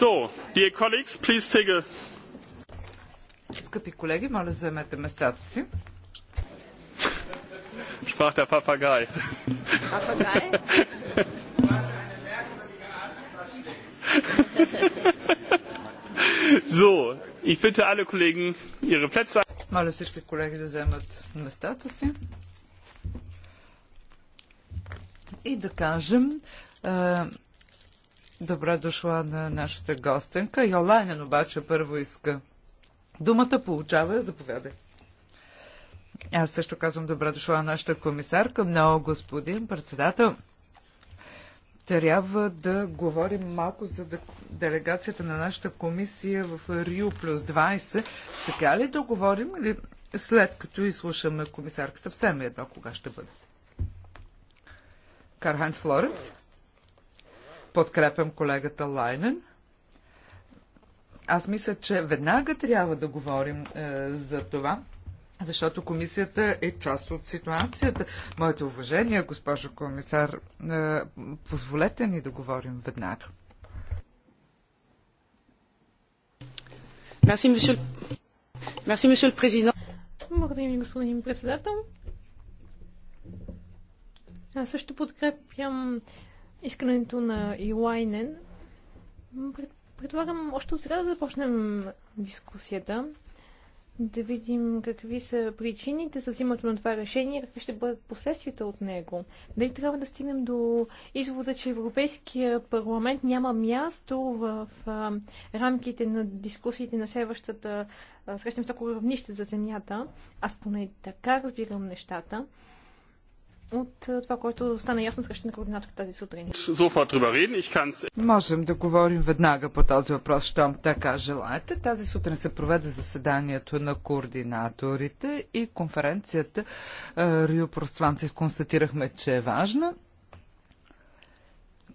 So, dear colleagues, please take a... Скъпи колеги, моля заемете местата си. Sprach der Papagei. Papagei? so, ich bitte alle Kollegen, ihre Plätze... Моля всички колеги да вземат местата си. И да кажем, Добре дошла на нашата гостенка. Йоланен обаче първо иска. Думата получава, заповядай. Аз също казвам добре дошла на нашата комисарка. Много господин председател. Трябва да говорим малко за делегацията на нашата комисия в Рио плюс 20. Така ли да говорим или след като изслушаме комисарката? Все ми едно кога ще бъде. Карханс Флоренц? Подкрепям колегата Лайнен. Аз мисля, че веднага трябва да говорим е, за това, защото комисията е част от ситуацията. Моето уважение, госпожо комисар, е, позволете ни да говорим веднага. Благодаря ви, господин председател. Аз също подкрепям искането на Илайнен, предлагам още сега да започнем дискусията, да видим какви са причините за взимането на това решение, какви ще бъдат последствията от него. Дали трябва да стигнем до извода, че Европейския парламент няма място в а, рамките на дискусиите на следващата срещна високо равнище за земята. Аз поне така разбирам нещата от е, това, което стана ясно срещу на координатор тази сутрин. Можем да говорим веднага по този въпрос, щом така желаете. Тази сутрин се проведе заседанието на координаторите и конференцията е, Рио Простванцев констатирахме, че е важна.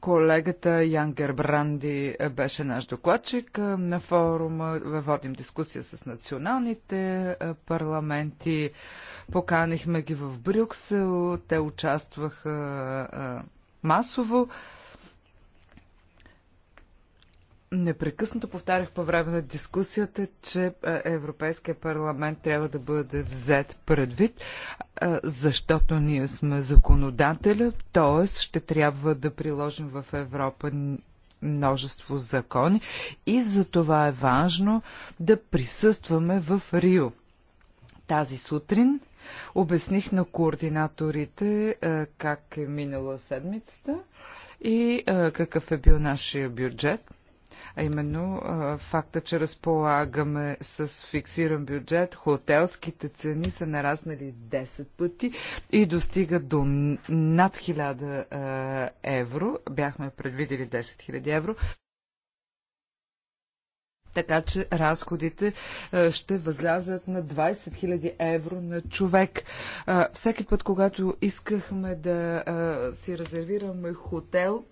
Колегата Ян Гербранди беше наш докладчик е, на форума. Водим дискусия с националните парламенти. Поканихме ги в Брюксел, те участваха масово. Непрекъснато повтарях по време на дискусията, че Европейския парламент трябва да бъде взет предвид, защото ние сме законодателя, т.е. ще трябва да приложим в Европа множество закони и за това е важно да присъстваме в Рио. Тази сутрин Обясних на координаторите е, как е минала седмицата и е, какъв е бил нашия бюджет а именно е, факта, че разполагаме с фиксиран бюджет, хотелските цени са нараснали 10 пъти и достигат до над 1000 евро. Бяхме предвидели 10 000 евро така че разходите е, ще възлязат на 20 000 евро на човек. Е, всеки път, когато искахме да е, си резервираме хотел,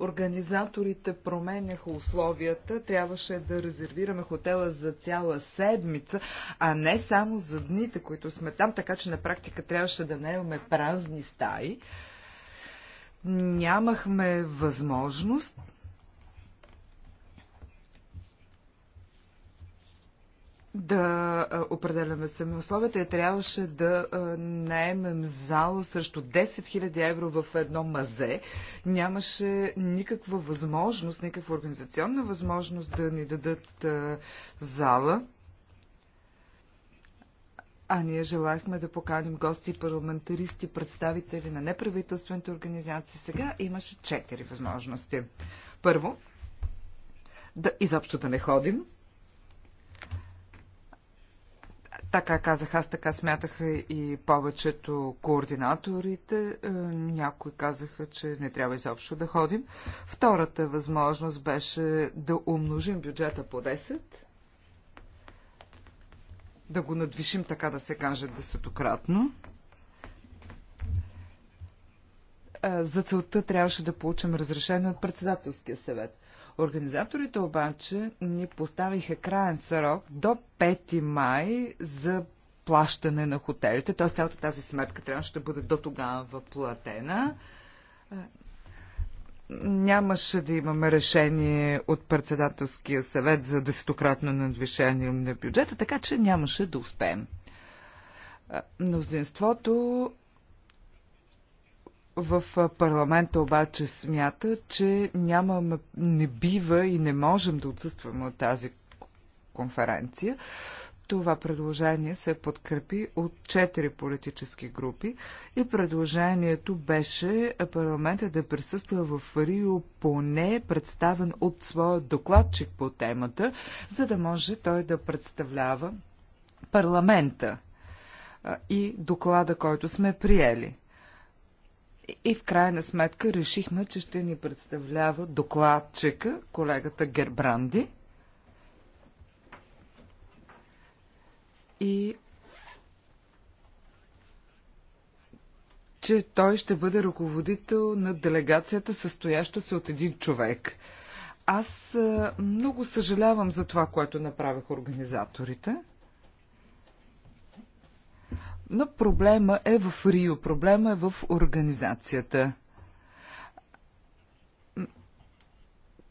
Организаторите променяха условията. Трябваше да резервираме хотела за цяла седмица, а не само за дните, които сме там, така че на практика трябваше да наемаме празни стаи. Нямахме възможност да определяме сами условията и трябваше да наемем зала срещу 10 000 евро в едно мазе. Нямаше никаква възможност, никаква организационна възможност да ни дадат зала. А ние желахме да поканим гости, парламентаристи, представители на неправителствените организации. Сега имаше четири възможности. Първо, да изобщо да не ходим. Така казах аз, така смятаха и повечето координаторите. Е, някои казаха, че не трябва изобщо да ходим. Втората възможност беше да умножим бюджета по 10, да го надвишим, така да се каже, десетократно. Е, за целта трябваше да получим разрешение от председателския съвет. Организаторите обаче ни поставиха крайен срок до 5 май за плащане на хотелите, т.е. цялата тази сметка трябваше да бъде до тогава платена. Нямаше да имаме решение от председателския съвет за десетократно надвишение на бюджета, така че нямаше да успеем. Мнозинството в парламента обаче смята, че нямаме, не бива и не можем да отсъстваме от тази конференция. Това предложение се подкрепи от четири политически групи и предложението беше парламента да присъства в Рио поне представен от своя докладчик по темата, за да може той да представлява парламента и доклада, който сме приели. И в крайна сметка решихме, че ще ни представлява докладчика, колегата Гербранди. И че той ще бъде ръководител на делегацията, състояща се от един човек. Аз много съжалявам за това, което направих организаторите. Но проблема е в Рио, проблема е в организацията.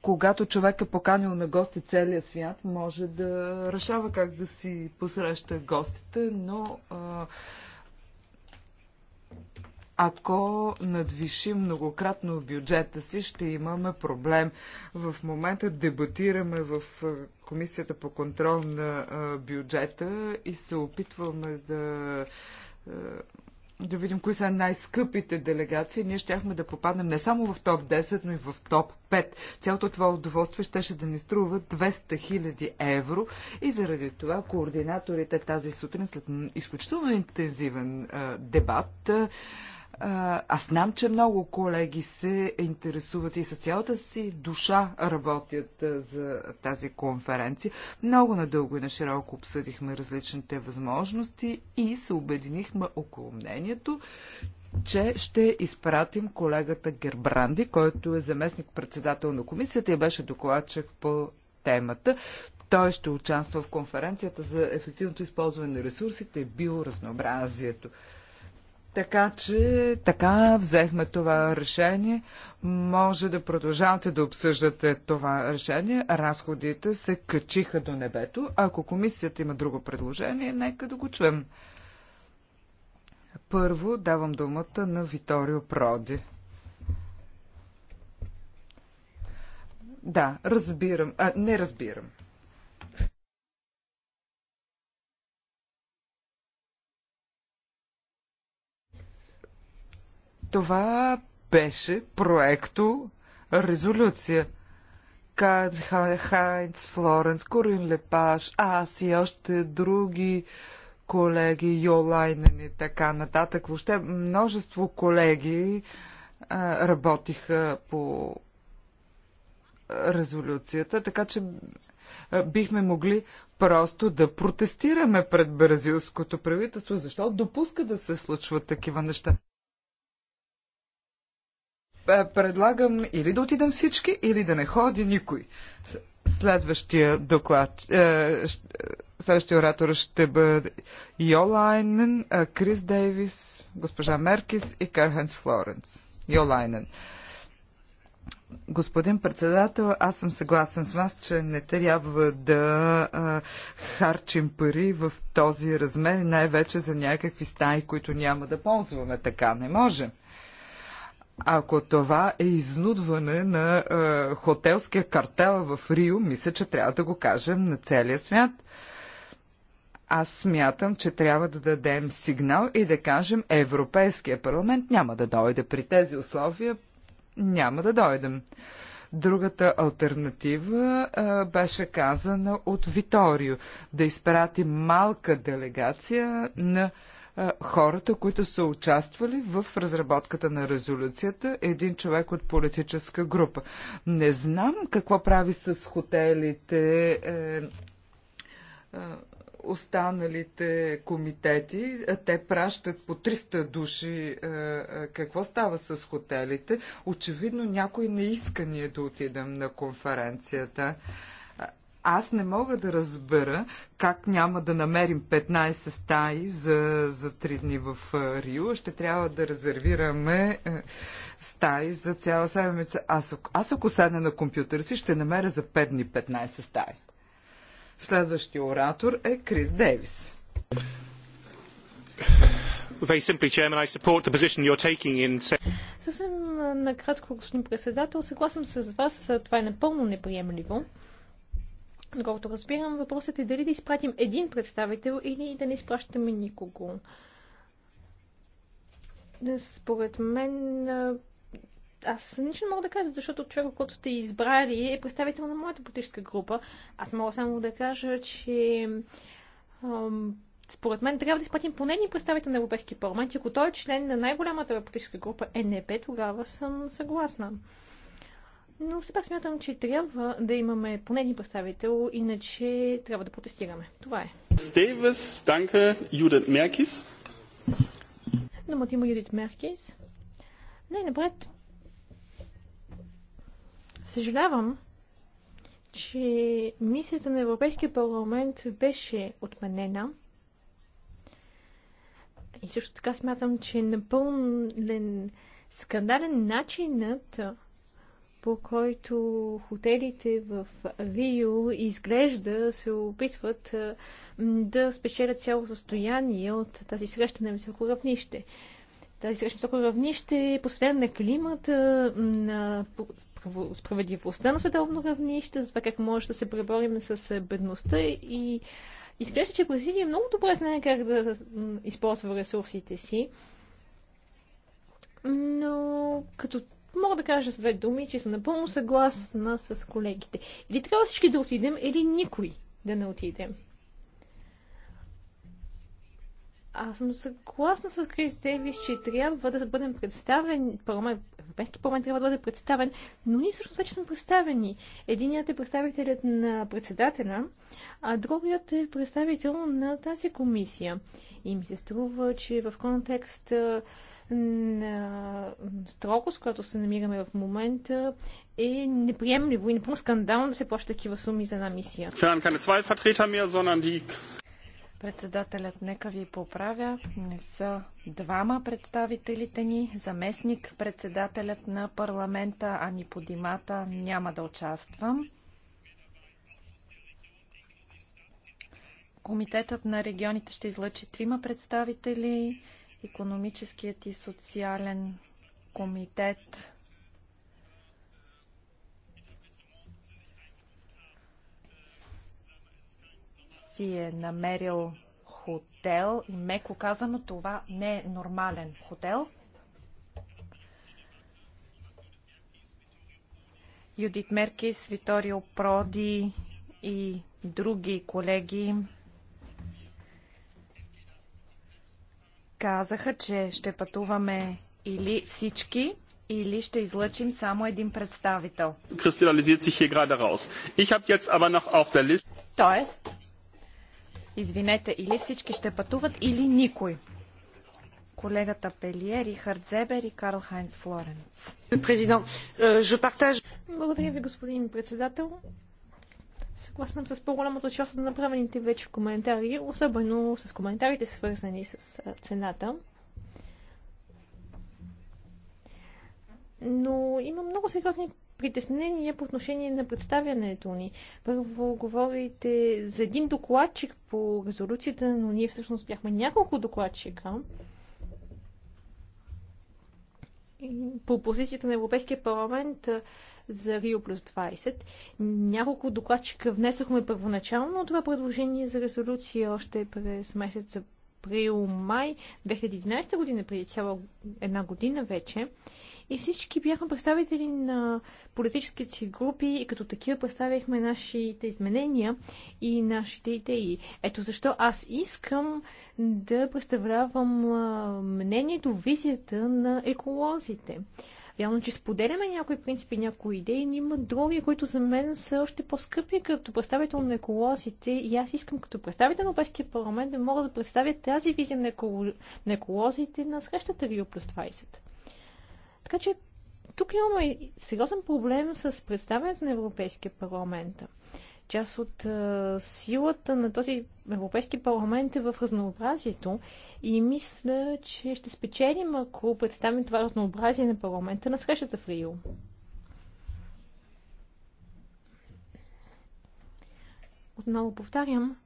Когато човек е поканил на гости целия свят, може да решава как да си посреща гостите, но а, ако надвишим многократно бюджета си, ще имаме проблем. В момента дебатираме в Комисията по контрол на бюджета и се опитваме да да видим кои са най-скъпите делегации, ние щяхме да попаднем не само в топ 10, но и в топ 5. Цялото това удоволствие щеше да ни струва 200 000 евро и заради това координаторите тази сутрин след изключително интензивен а, дебат а, аз знам, че много колеги се интересуват и с цялата си душа работят за тази конференция. Много надълго и на широко обсъдихме различните възможности и се обединихме около мнението, че ще изпратим колегата Гербранди, който е заместник-председател на комисията и беше докладчик по темата. Той ще участва в конференцията за ефективното използване на ресурсите и биоразнообразието. Така че така взехме това решение. Може да продължавате да обсъждате това решение. Разходите се качиха до небето. Ако комисията има друго предложение, нека да го чуем. Първо давам думата на Виторио Проди. Да, разбирам. А, не разбирам. Това беше проекто резолюция. Кац, Хайнц, Флоренс, Корин Лепаш, аз и още други колеги, Йолайнен и така нататък. Въобще множество колеги а, работиха по резолюцията, така че а, бихме могли просто да протестираме пред бразилското правителство, защо допуска да се случват такива неща. Е, предлагам или да отидем всички, или да не ходи никой. Следващия доклад. Е, следващия оратор ще бъде Йолайнен, е, Крис Дейвис, госпожа Меркис и Кархенс Флоренс. Йолайнен. Господин председател, аз съм съгласен с вас, че не трябва да а, харчим пари в този размер, най-вече за някакви стаи, които няма да ползваме. Така не може. Ако това е изнудване на е, хотелския картел в Рио, мисля, че трябва да го кажем на целия свят. Аз смятам, че трябва да дадем сигнал и да кажем Европейския парламент няма да дойде при тези условия, няма да дойдем. Другата альтернатива е, беше казана от Виторио да изпрати малка делегация на хората, които са участвали в разработката на резолюцията, един човек от политическа група. Не знам какво прави с хотелите. Е, е, останалите комитети, те пращат по 300 души. Е, е, какво става с хотелите? Очевидно някой не иска ние да отидем на конференцията. Аз не мога да разбера как няма да намерим 15 стаи за, за 3 дни в Рио. Ще трябва да резервираме е, стаи за цяла седмица. Аз, аз ако седна на компютъра си, ще намеря за 5 дни 15 стаи. Следващия оратор е Крис Дейвис. Съвсем накратко, господин председател, съгласен с вас, това е напълно неприемливо. Доколкото разбирам, въпросът е дали да изпратим един представител или да не изпращаме никого. Според мен аз нищо не мога да кажа, защото човек, който сте избрали, е представител на моята политическа група. Аз мога само да кажа, че според мен трябва да изпратим поне един представител на Европейския парламент. Ако той е член на най-голямата политическа група е НП, тогава съм съгласна но все пак смятам, че трябва да имаме поне един представител, иначе трябва да протестираме. Това е. Стейвес, данка, Юдит Меркис. Думата има Юдит Меркис. Най-напред. Съжалявам, че мисията на Европейския парламент беше отменена. И също така смятам, че напълнен скандален начинът, по който хотелите в Рио изглежда се опитват да спечелят цяло състояние от тази среща на високо равнище. Тази среща на високо равнище е посветена на климата, на справедливостта на световно равнище, за това как може да се преборим с бедността и изглежда, че Бразилия много добре знае как да използва ресурсите си, но като мога да кажа с две думи, че съм напълно съгласна с колегите. Или трябва всички да отидем, или никой да не отидем. Аз съм съгласна с Крис Дейвис, че трябва да бъдем представени, парламент, Европейски парламент трябва да бъде представен, но ние всъщност вече сме представени. Единият е представителят на председателя, а другият е представител на тази комисия. И ми се струва, че в контекст на строгост, която се намираме в момента, е неприемливо и напълно скандално да се плаща такива суми за една мисия. Председателят, нека ви поправя, не са двама представителите ни, заместник председателят на парламента Ани Подимата няма да участвам. Комитетът на регионите ще излъчи трима представители економическият и социален комитет си е намерил хотел и меко казано това не е нормален хотел. Юдит Меркис, Виторио Проди и други колеги казаха, че ще пътуваме или всички, или ще излъчим само един представител. Тоест, извинете, или всички ще пътуват, или никой. Колегата Пелие, Рихард Зебер и Карл Хайнц Флоренц. Е, Благодаря ви, господин председател. Съгласна с по-голямата част на направените вече коментари, особено с коментарите свързани с цената. Но има много сериозни притеснения по отношение на представянето ни. Първо говорите за един докладчик по резолюцията, но ние всъщност бяхме няколко докладчика. По позицията на Европейския парламент за Рио плюс 20. Няколко докладчика внесохме първоначално това предложение за резолюция още през месец април-май 2011 година, преди цяла една година вече. И всички бяхме представители на политическите си групи и като такива представихме нашите изменения и нашите идеи. Ето защо аз искам да представлявам мнението, визията на еколозите. Явно, че споделяме някои принципи, някои идеи, но има други, които за мен са още по-скъпи като представител на еколозите. И аз искам като представител на Европейския парламент да мога да представя тази визия на, еколо... на еколозите на срещата Рио плюс 20. Така че тук имаме сериозен проблем с представянето на Европейския парламент. Част от силата на този Европейски парламент е в разнообразието и мисля, че ще спечелим, ако представим това разнообразие на парламента на срещата в Рио. Отново повтарям,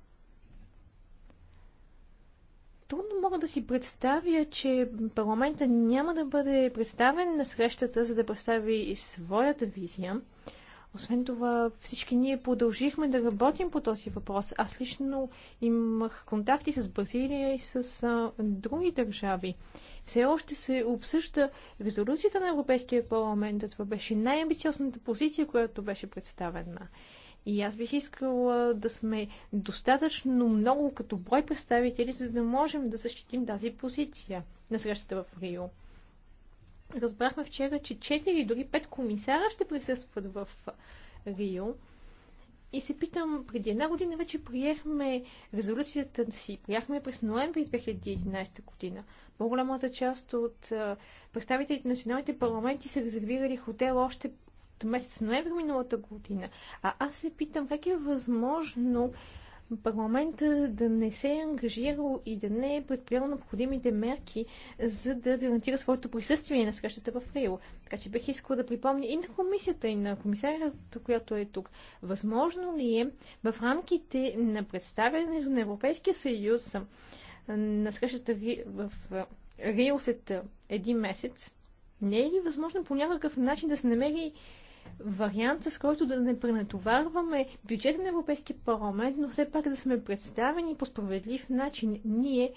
трудно мога да си представя, че парламента няма да бъде представен на срещата, за да представи своята визия. Освен това, всички ние продължихме да работим по този въпрос. Аз лично имах контакти с Бразилия и с а, други държави. Все още се обсъжда резолюцията на Европейския парламент. Това беше най-амбициозната позиция, която беше представена. И аз бих искала да сме достатъчно много като брой представители, за да можем да защитим тази позиция на срещата в Рио. Разбрахме вчера, че 4, дори 5 комисара ще присъстват в Рио. И се питам, преди една година вече приехме резолюцията си, приехме през ноември 2011 година. По-голямата част от представителите на националните парламенти са резервирали хотел още месец ноември миналата година. А аз се питам, как е възможно парламента да не се е ангажирал и да не е предприел необходимите мерки, за да гарантира своето присъствие на срещата в Рио. Така че бих искала да припомня и на комисията, и на комисарята, която е тук. Възможно ли е в рамките на представянето на Европейския съюз на срещата в Рио след един месец, не е ли възможно по някакъв начин да се намери вариант, с който да не пренатоварваме бюджета на Европейския парламент, но все пак да сме представени по справедлив начин ние,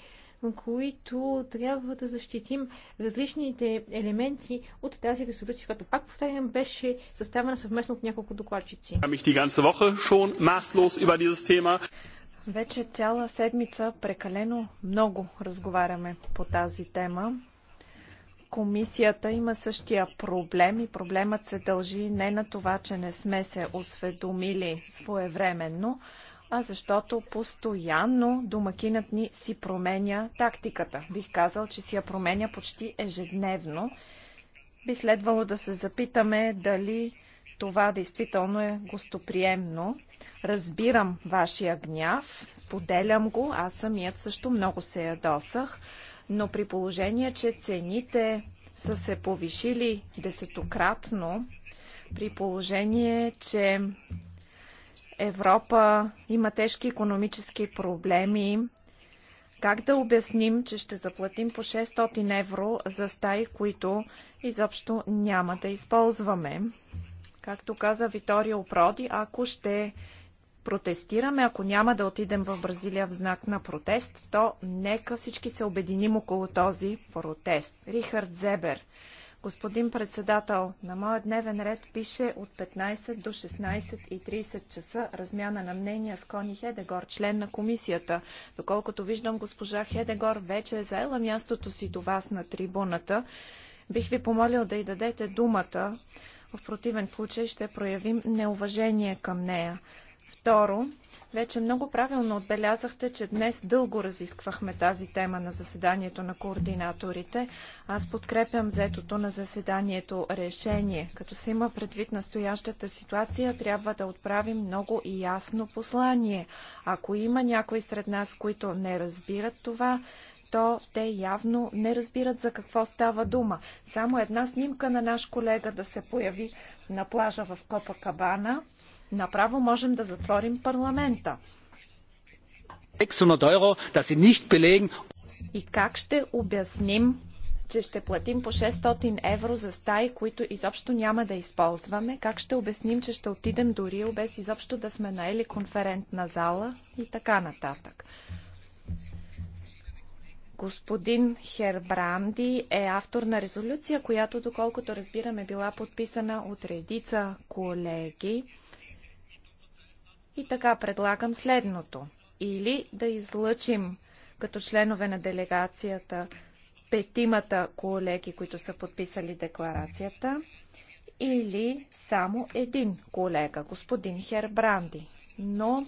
които трябва да защитим различните елементи от тази резолюция, която пак повтарям беше съставена съвместно от няколко докладчици. Вече цяла седмица прекалено много разговаряме по тази тема комисията има същия проблем и проблемът се дължи не на това, че не сме се осведомили своевременно, а защото постоянно домакинът ни си променя тактиката. Бих казал, че си я променя почти ежедневно. Би следвало да се запитаме дали това действително е гостоприемно. Разбирам вашия гняв, споделям го, аз самият също много се ядосах но при положение, че цените са се повишили десетократно, при положение, че Европа има тежки економически проблеми, как да обясним, че ще заплатим по 600 евро за стаи, които изобщо няма да използваме? Както каза Виторио Проди, ако ще протестираме, ако няма да отидем в Бразилия в знак на протест, то нека всички се обединим около този протест. Рихард Зебер. Господин председател, на моя дневен ред пише от 15 до 16.30 часа размяна на мнения с Кони Хедегор, член на комисията. Доколкото виждам, госпожа Хедегор вече е заела мястото си до вас на трибуната. Бих ви помолил да й дадете думата. В противен случай ще проявим неуважение към нея. Второ, вече много правилно отбелязахте, че днес дълго разисквахме тази тема на заседанието на координаторите. Аз подкрепям взетото на заседанието решение. Като се има предвид настоящата ситуация, трябва да отправим много и ясно послание. Ако има някой сред нас, които не разбират това, то те явно не разбират за какво става дума. Само една снимка на наш колега да се появи на плажа в Копа Кабана, направо можем да затворим парламента. 600 евро, да си И как ще обясним че ще платим по 600 евро за стаи, които изобщо няма да използваме? Как ще обясним, че ще отидем до Рио без изобщо да сме наели конферентна зала и така нататък? Господин Хербранди е автор на резолюция, която, доколкото разбираме, била подписана от редица колеги. И така предлагам следното. Или да излъчим като членове на делегацията петимата колеги, които са подписали декларацията, или само един колега, господин Хербранди. Но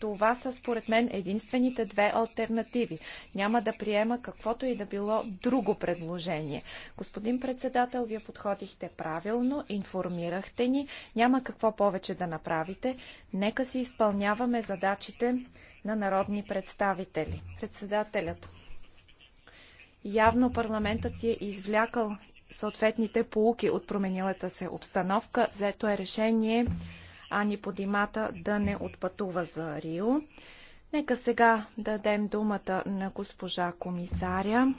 това са според мен единствените две альтернативи. Няма да приема каквото и да било друго предложение. Господин председател, вие подходихте правилно, информирахте ни, няма какво повече да направите. Нека си изпълняваме задачите на народни представители. Председателят. Явно парламентът си е извлякал съответните полуки от променилата се обстановка. Взето е решение Ани Подимата да не отпътува за Рио. Нека сега дадем думата на госпожа комисаря.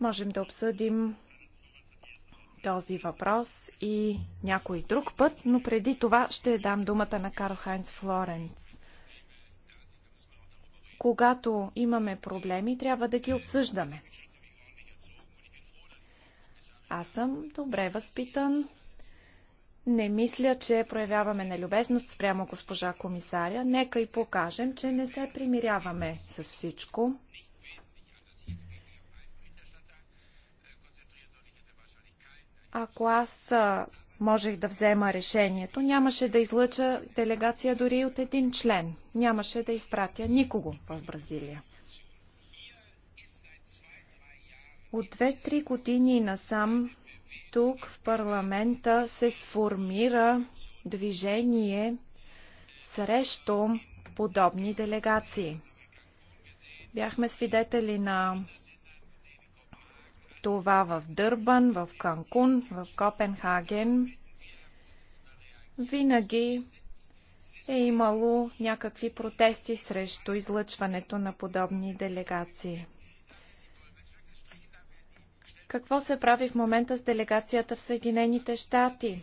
Можем да обсъдим този въпрос и някой друг път, но преди това ще дам думата на Карл Хайнц Флоренц. Когато имаме проблеми, трябва да ги обсъждаме. Аз съм добре възпитан, не мисля, че проявяваме нелюбезност спрямо госпожа комисаря. Нека и покажем, че не се примиряваме с всичко. Ако аз можех да взема решението, нямаше да излъча делегация дори от един член. Нямаше да изпратя никого в Бразилия. От 2-3 години насам тук в парламента се сформира движение срещу подобни делегации. Бяхме свидетели на това в Дърбан, в Канкун, в Копенхаген. Винаги е имало някакви протести срещу излъчването на подобни делегации. Какво се прави в момента с делегацията в Съединените щати?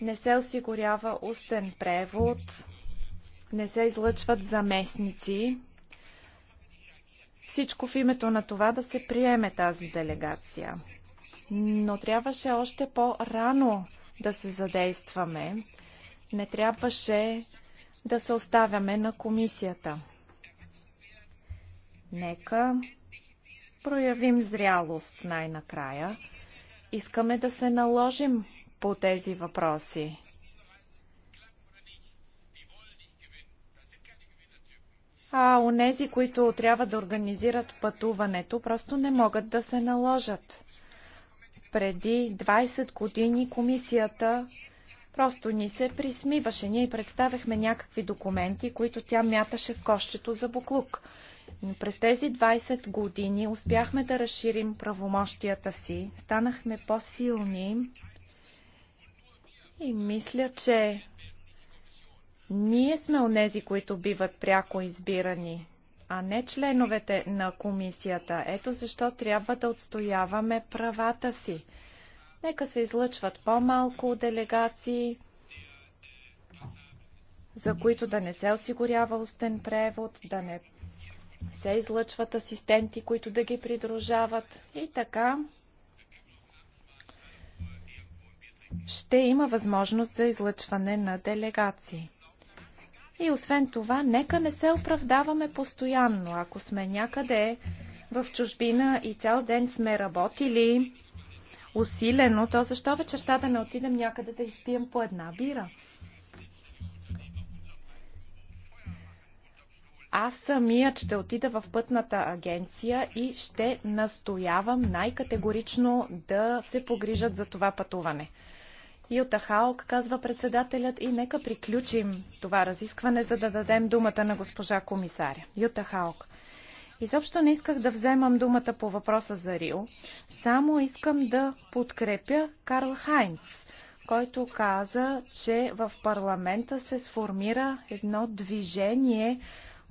Не се осигурява устен превод, не се излъчват заместници. Всичко в името на това да се приеме тази делегация. Но трябваше още по-рано да се задействаме. Не трябваше да се оставяме на комисията. Нека проявим зрялост най-накрая. Искаме да се наложим по тези въпроси. А онези, които трябва да организират пътуването, просто не могат да се наложат. Преди 20 години комисията просто ни се присмиваше. Ние представяхме някакви документи, които тя мяташе в кощето за буклук. Но през тези 20 години успяхме да разширим правомощията си, станахме по-силни и мисля, че ние сме онези, които биват пряко избирани, а не членовете на комисията. Ето защо трябва да отстояваме правата си. Нека се излъчват по-малко делегации, за които да не се осигурява устен превод, да не не се излъчват асистенти, които да ги придружават и така ще има възможност за излъчване на делегации. И освен това, нека не се оправдаваме постоянно. Ако сме някъде в чужбина и цял ден сме работили усилено, то защо вечерта да не отидем някъде да изпием по една бира? Аз самият ще отида в пътната агенция и ще настоявам най-категорично да се погрижат за това пътуване. Юта Халк, казва председателят, и нека приключим това разискване, за да дадем думата на госпожа комисаря. Юта Халк. Изобщо не исках да вземам думата по въпроса за Рио, само искам да подкрепя Карл Хайнц, който каза, че в парламента се сформира едно движение,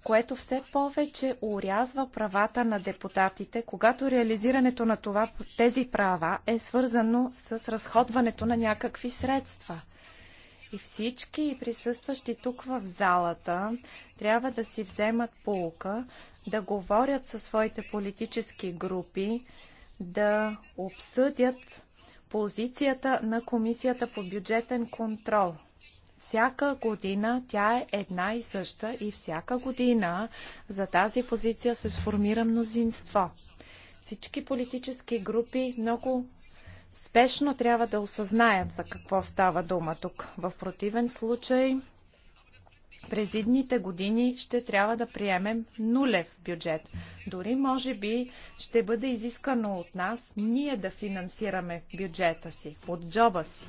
което все повече урязва правата на депутатите, когато реализирането на това, тези права е свързано с разходването на някакви средства. И всички присъстващи тук в залата трябва да си вземат полука, да говорят със своите политически групи, да обсъдят позицията на Комисията по бюджетен контрол – всяка година тя е една и съща и всяка година за тази позиция се сформира мнозинство. Всички политически групи много спешно трябва да осъзнаят за какво става дума тук. В противен случай през идните години ще трябва да приемем нулев бюджет. Дори може би ще бъде изискано от нас ние да финансираме бюджета си, от джоба си.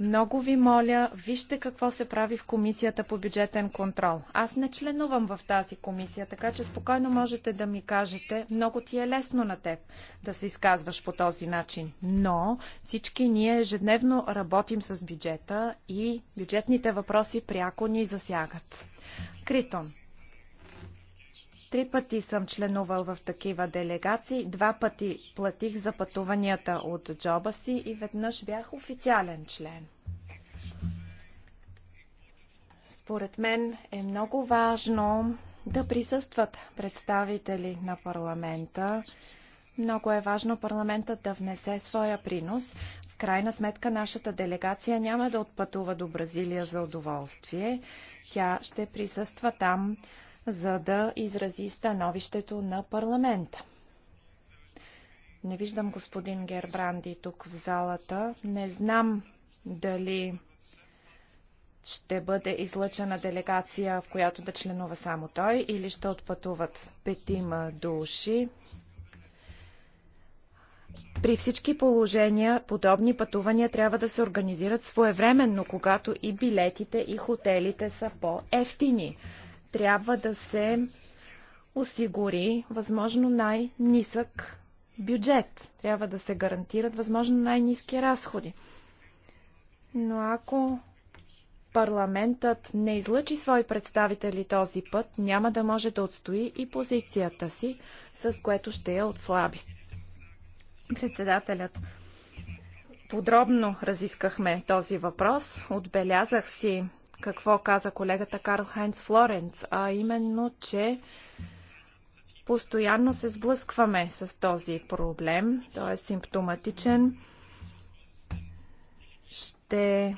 Много ви моля, вижте какво се прави в Комисията по бюджетен контрол. Аз не членувам в тази комисия, така че спокойно можете да ми кажете, много ти е лесно на теб да се изказваш по този начин. Но всички ние ежедневно работим с бюджета и бюджетните въпроси пряко ни засягат. Критон. Три пъти съм членувал в такива делегации, два пъти платих за пътуванията от джоба си и веднъж бях официален член. Според мен е много важно да присъстват представители на парламента. Много е важно парламентът да внесе своя принос. В крайна сметка нашата делегация няма да отпътува до Бразилия за удоволствие. Тя ще присъства там за да изрази становището на парламента. Не виждам господин Гербранди тук в залата. Не знам дали ще бъде излъчена делегация, в която да членува само той, или ще отпътуват петима души. При всички положения, подобни пътувания трябва да се организират своевременно, когато и билетите, и хотелите са по-ефтини трябва да се осигури възможно най-нисък бюджет. Трябва да се гарантират възможно най-низки разходи. Но ако парламентът не излъчи свои представители този път, няма да може да отстои и позицията си, с което ще я отслаби. Председателят, подробно разискахме този въпрос. Отбелязах си какво каза колегата Карл Хайнц Флоренц, а именно, че постоянно се сблъскваме с този проблем. Той е симптоматичен. Ще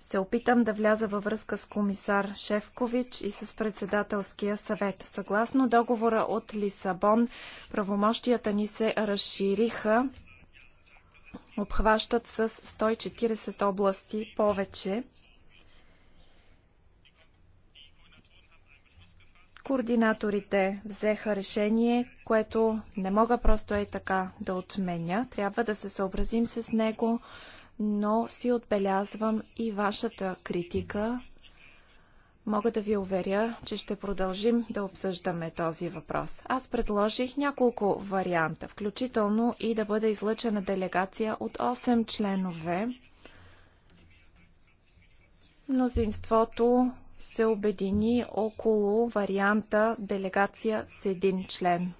се опитам да вляза във връзка с комисар Шефкович и с председателския съвет. Съгласно договора от Лисабон, правомощията ни се разшириха, обхващат с 140 области повече. Координаторите взеха решение, което не мога просто е така да отменя. Трябва да се съобразим с него, но си отбелязвам и вашата критика. Мога да ви уверя, че ще продължим да обсъждаме този въпрос. Аз предложих няколко варианта, включително и да бъде излъчена делегация от 8 членове. Мнозинството се обедини около варианта делегация с един член.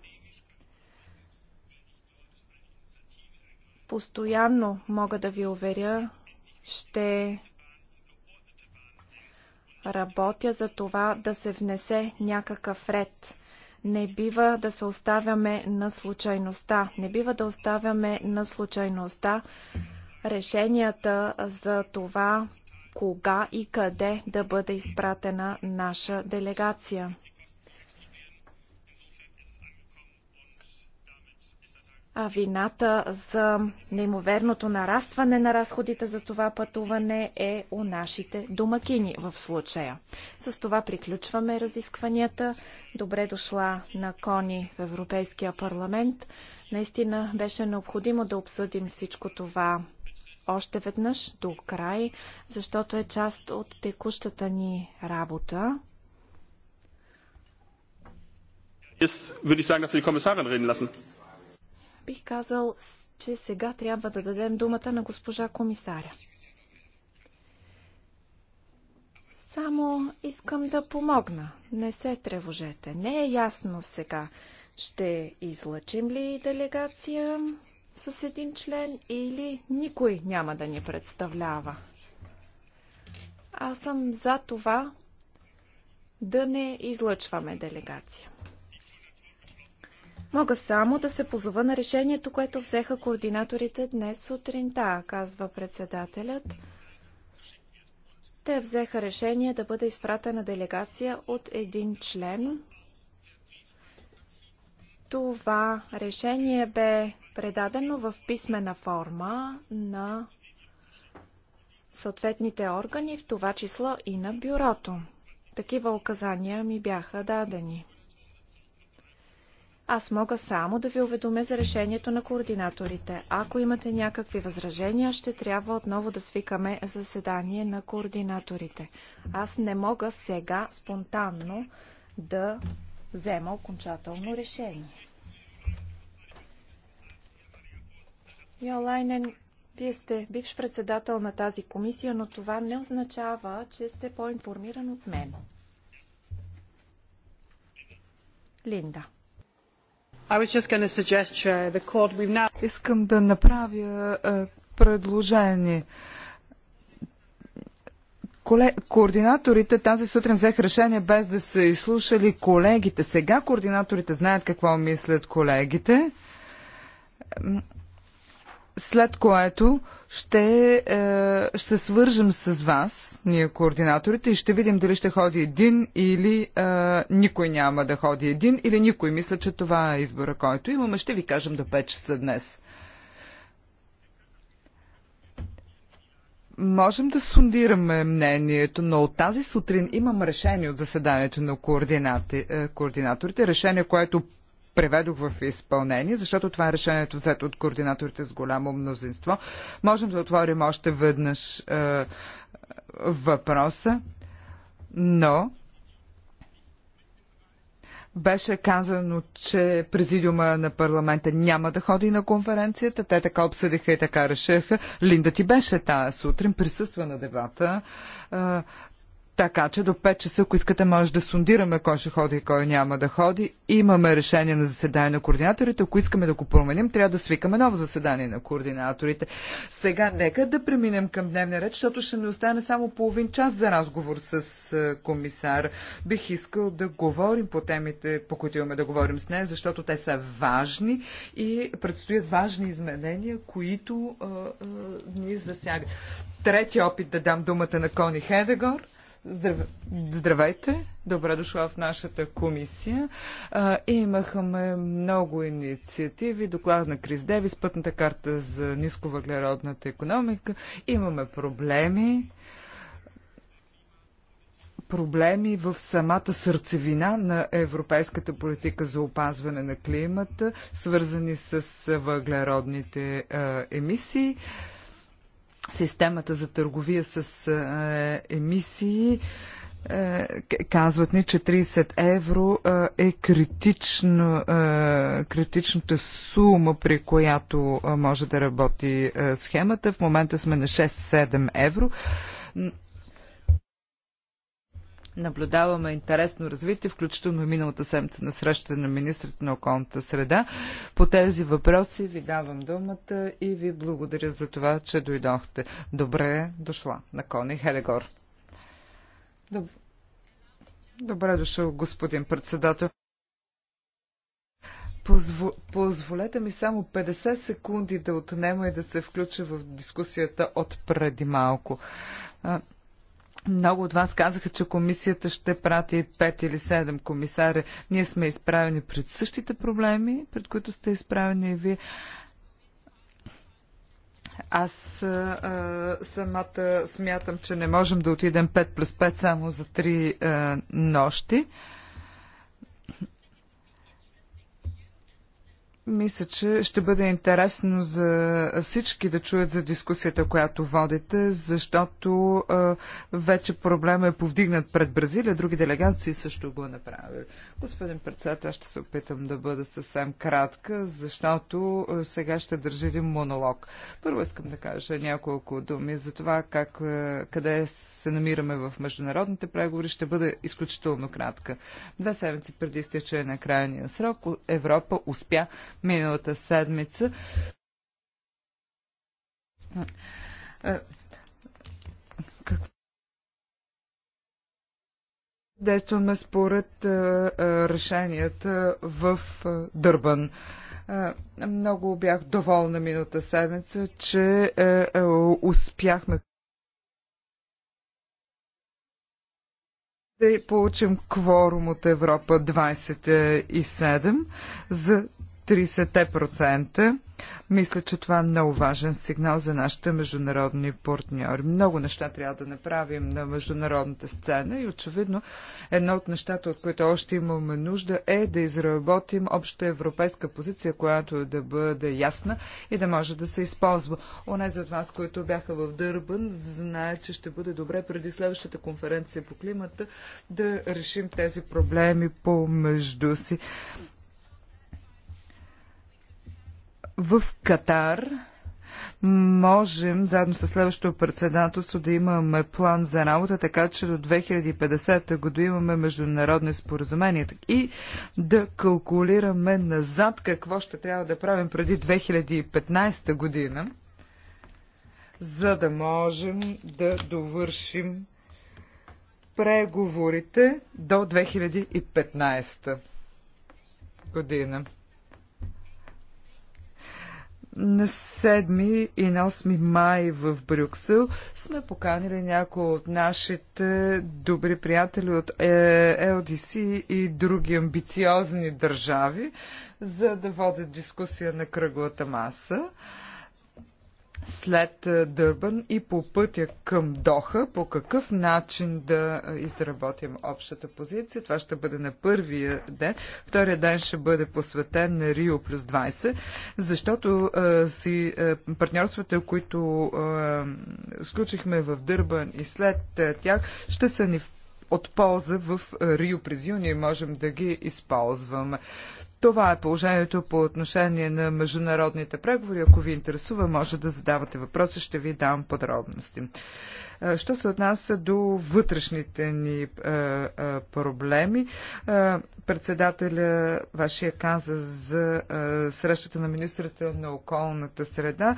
Постоянно мога да ви уверя, ще работя за това да се внесе някакъв ред. Не бива да се оставяме на случайността. Не бива да оставяме на случайността решенията за това кога и къде да бъде изпратена наша делегация. А вината за неимоверното нарастване на разходите за това пътуване е у нашите домакини в случая. С това приключваме разискванията. Добре дошла на Кони в Европейския парламент. Наистина беше необходимо да обсъдим всичко това още веднъж до край, защото е част от текущата ни работа. Бих казал, че сега трябва да дадем думата на госпожа комисаря. Само искам да помогна. Не се тревожете. Не е ясно сега. Ще излъчим ли делегация? с един член или никой няма да ни представлява. Аз съм за това да не излъчваме делегация. Мога само да се позова на решението, което взеха координаторите днес сутринта, казва председателят. Те взеха решение да бъде изпратена делегация от един член. Това решение бе предадено в писмена форма на съответните органи, в това число и на бюрото. Такива указания ми бяха дадени. Аз мога само да ви уведомя за решението на координаторите. Ако имате някакви възражения, ще трябва отново да свикаме заседание на координаторите. Аз не мога сега спонтанно да взема окончателно решение. Йолайнен, вие сте бивш председател на тази комисия, но това не означава, че сте по-информиран от мен. Линда. Искам да направя предложение. Координаторите тази сутрин взех решение без да са изслушали колегите. Сега координаторите знаят какво мислят колегите след което ще, е, ще свържем с вас, ние координаторите, и ще видим дали ще ходи един или е, никой няма да ходи един, или никой. Мисля, че това е избора, който имаме. Ще ви кажем до 5 часа днес. Можем да сундираме мнението, но от тази сутрин имам решение от заседанието на е, координаторите, решение, което преведох в изпълнение, защото това е решението взето от координаторите с голямо мнозинство. Можем да отворим още веднъж е, въпроса, но беше казано, че президиума на парламента няма да ходи на конференцията. Те така обсъдиха и така решиха. Линда ти беше тази сутрин, присъства на дебата. Е, така че до 5 часа, ако искате, може да сундираме кой ще ходи и кой няма да ходи. Имаме решение на заседание на координаторите. Ако искаме да го променим, трябва да свикаме ново заседание на координаторите. Сега нека да преминем към дневния ред, защото ще ни остане само половин час за разговор с е, комисар. Бих искал да говорим по темите, по които имаме да говорим с нея, защото те са важни и предстоят важни изменения, които а, е, а, е, ни засягат. Трети опит да дам думата на Кони Хедегор. Здравейте, добре дошла в нашата комисия. А, имахме много инициативи, доклад на Крис Девис, пътната карта за нисковъглеродната економика. Имаме проблеми проблеми в самата сърцевина на европейската политика за опазване на климата, свързани с въглеродните а, емисии системата за търговия с е, емисии. Е, казват ни, че 30 евро е критично, критичната сума, при която може да работи схемата. В момента сме на 6-7 евро Наблюдаваме интересно развитие, включително и миналата седмица на срещата на министрите на околната среда. По тези въпроси ви давам думата и ви благодаря за това, че дойдохте. Добре дошла на Кони Хелегор. Добре дошъл, господин председател. Позволете ми само 50 секунди да отнема и да се включа в дискусията от преди малко. Много от вас казаха, че комисията ще прати 5 или 7 комисаря. Ние сме изправени пред същите проблеми, пред които сте изправени и вие. Аз а, самата смятам, че не можем да отидем 5 плюс 5 само за 3 а, нощи. А, Мисля, че ще бъде интересно за всички да чуят за дискусията, която водите, защото а, вече проблема е повдигнат пред Бразилия, други делегации също го направят. Господин председател, ще се опитам да бъда съвсем кратка, защото е, сега ще държа един монолог. Първо искам да кажа няколко думи за това как, е, къде се намираме в международните преговори. Ще бъда изключително кратка. Две седмици преди изтичане на крайния срок Европа успя миналата седмица е, Действаме според решенията в Дърбан. Много бях доволна минута седмица, че е, е, успяхме да получим кворум от Европа 27 за 30%. Мисля, че това е много важен сигнал за нашите международни партньори. Много неща трябва да направим на международната сцена и очевидно едно от нещата, от които още имаме нужда е да изработим обща европейска позиция, която да бъде ясна и да може да се използва. Онези от вас, които бяха в Дърбан, знаят, че ще бъде добре преди следващата конференция по климата да решим тези проблеми помежду си в Катар можем заедно с следващото председателство да имаме план за работа, така че до 2050 година имаме международни споразумения и да калкулираме назад какво ще трябва да правим преди 2015 година, за да можем да довършим преговорите до 2015 година. На 7 и на 8 май в Брюксел сме поканили някои от нашите добри приятели от ЛДС е, е и други амбициозни държави, за да водят дискусия на кръглата маса след е, Дърбан и по пътя към Доха, по какъв начин да е, изработим общата позиция. Това ще бъде на първия ден. Втория ден ще бъде посветен на Рио плюс 20, защото а, е, си, а, партньорствата, които а, сключихме в Дърбан и след а, тях, ще са ни от полза в Рио през юни можем да ги използваме. Това е положението по отношение на международните преговори. Ако ви интересува, може да задавате въпроси, ще ви дам подробности. Е, що се отнася до вътрешните ни е, е, проблеми, председателя вашия каза за срещата на министрите на околната среда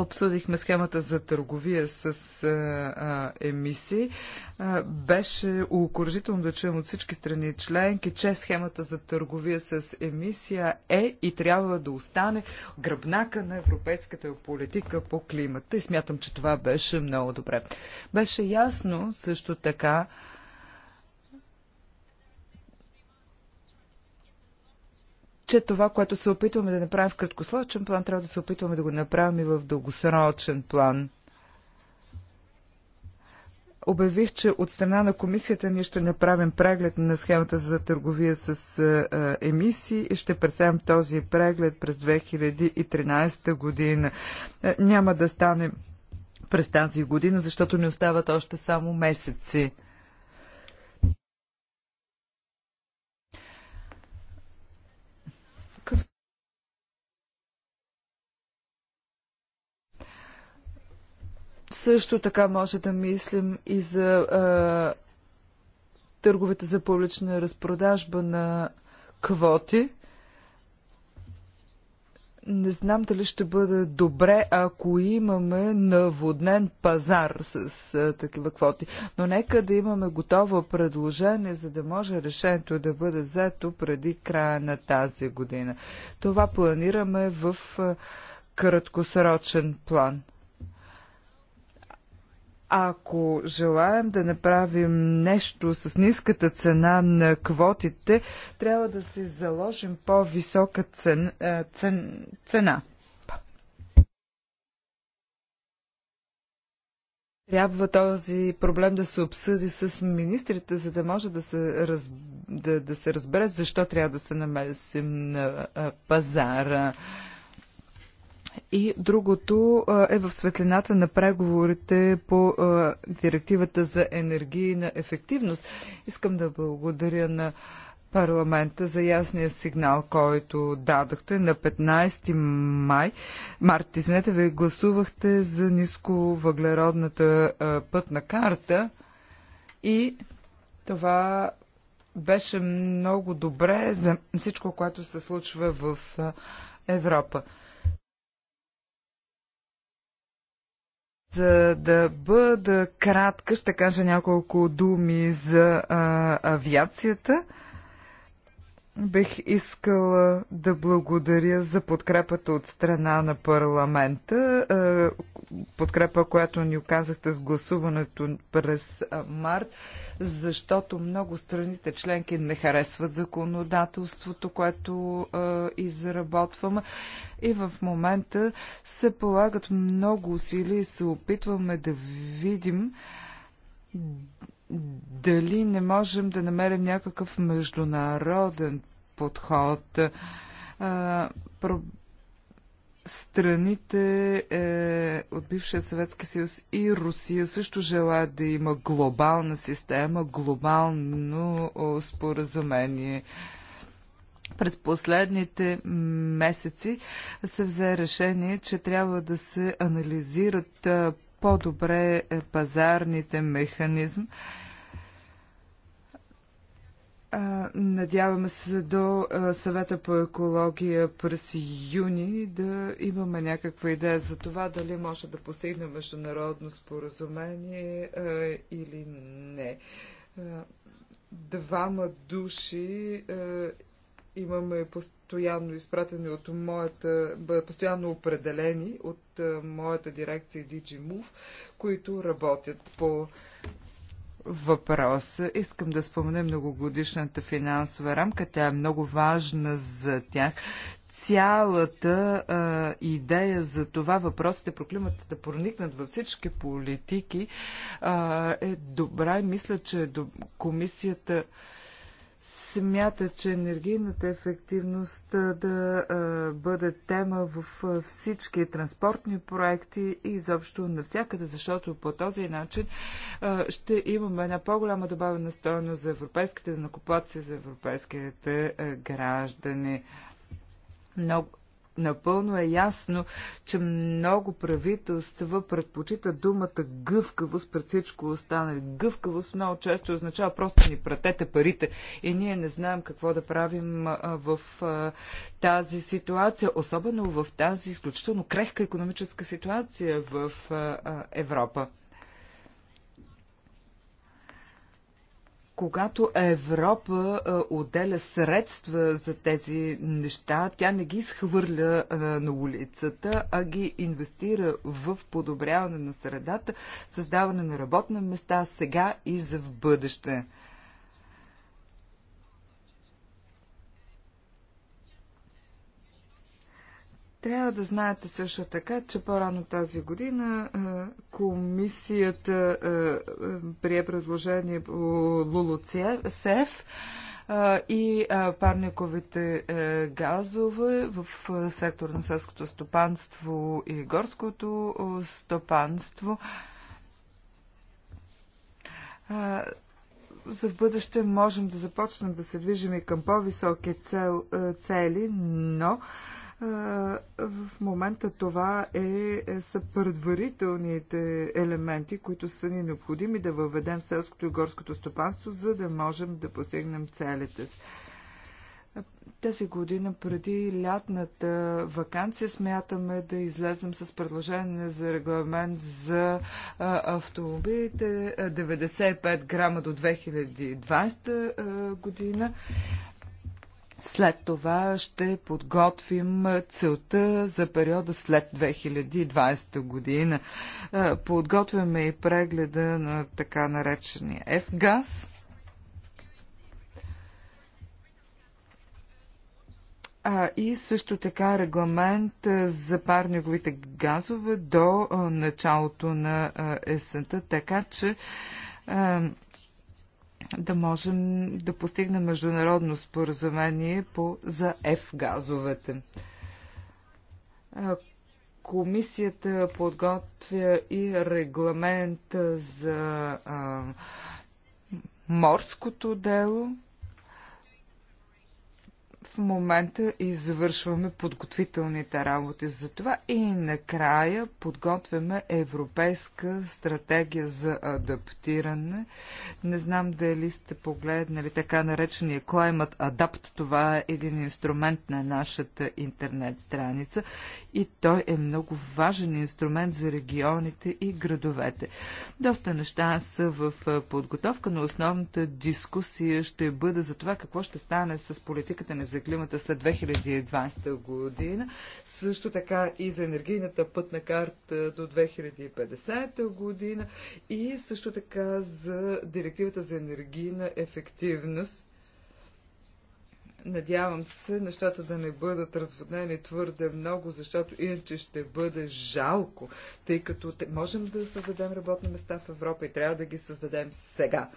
обсъдихме схемата за търговия с а, а, емисии. А, беше укоръжително да чуем от всички страни членки, че схемата за търговия с емисия е и трябва да остане гръбнака на европейската политика по климата. И смятам, че това беше много добре. Беше ясно също така, че това, което се опитваме да направим в краткосрочен план, трябва да се опитваме да го направим и в дългосрочен план. Обявих, че от страна на комисията ние ще направим преглед на схемата за търговия с емисии и ще представим този преглед през 2013 година. Няма да стане през тази година, защото ни остават още само месеци. Също така може да мислим и за а, търговете за публична разпродажба на квоти. Не знам дали ще бъде добре, ако имаме наводнен пазар с а, такива квоти. Но нека да имаме готово предложение, за да може решението да бъде взето преди края на тази година. Това планираме в а, краткосрочен план. Ако желаем да направим нещо с ниската цена на квотите, трябва да си заложим по-висока цен, е, цен, цена. Трябва този проблем да се обсъди с министрите, за да може да се, раз... да, да се разбере защо трябва да се намесим на е, пазара. И другото е в светлината на преговорите по директивата за енергийна ефективност. Искам да благодаря на парламента за ясния сигнал, който дадохте на 15 май. Март, извинете, ви, гласувахте за ниско въглеродната пътна карта и това беше много добре за всичко, което се случва в Европа. За да бъда кратка, ще кажа няколко думи за а, авиацията. Бих искала да благодаря за подкрепата от страна на парламента, е, подкрепа, която ни оказахте с гласуването през е, март, защото много страните членки не харесват законодателството, което е, изработваме. И в момента се полагат много усилия и се опитваме да видим дали не можем да намерим някакъв международен подход. А, про... Страните е, от бившия Съветски съюз и Русия също желаят да има глобална система, глобално споразумение. През последните месеци се взе решение, че трябва да се анализират по-добре е пазарните механизм. Надяваме се до съвета по екология през юни да имаме някаква идея за това дали може да постигне международно споразумение или не. Двама души имаме постоянно изпратени от моята, постоянно определени от моята дирекция Move, които работят по въпроса. Искам да спомена многогодишната финансова рамка. Тя е много важна за тях. Цялата а, идея за това въпросите про климата да проникнат във всички политики а, е добра и мисля, че комисията смята, че енергийната ефективност да бъде тема в всички транспортни проекти и изобщо навсякъде, защото по този начин ще имаме една по-голяма добавена стоеност за европейските накопаци, за европейските граждани. Много, Напълно е ясно, че много правителства предпочитат думата гъвкавост пред всичко останали. Гъвкавост много често означава просто ни пратете парите и ние не знаем какво да правим в тази ситуация, особено в тази изключително крехка економическа ситуация в Европа. когато Европа отделя средства за тези неща, тя не ги изхвърля на улицата, а ги инвестира в подобряване на средата, създаване на работни места сега и за в бъдеще. Трябва да знаете също така, че по-рано тази година комисията прие предложение по ЛУЛУЦЕФ и парниковите газове в сектора на селското стопанство и горското стопанство за в бъдеще можем да започнем да се движим и към по-високи цели, но в момента това е, е, са предварителните елементи, които са ни необходими да въведем в селското и горското стопанство, за да можем да постигнем целите си. Тази година преди лятната вакансия смятаме да излезем с предложение за регламент за автомобилите 95 грама до 2020 година. След това ще подготвим целта за периода след 2020 година. Е, подготвяме и прегледа на така наречения F-газ. А, и също така регламент е, за парниковите газове до е, началото на есента, така че да можем да постигнем международно споразумение по, за F-газовете. Комисията подготвя и регламент за а, морското дело в момента извършваме подготвителните работи за това и накрая подготвяме европейска стратегия за адаптиране. Не знам дали сте погледнали така наречения Climate Adapt. Това е един инструмент на нашата интернет страница и той е много важен инструмент за регионите и градовете. Доста неща са в подготовка, но основната дискусия ще бъде за това какво ще стане с политиката на за климата след 2020 година, също така и за енергийната пътна карта до 2050 година и също така за директивата за енергийна ефективност. Надявам се нещата да не бъдат разводнени твърде много, защото иначе ще бъде жалко, тъй като можем да създадем работни места в Европа и трябва да ги създадем сега.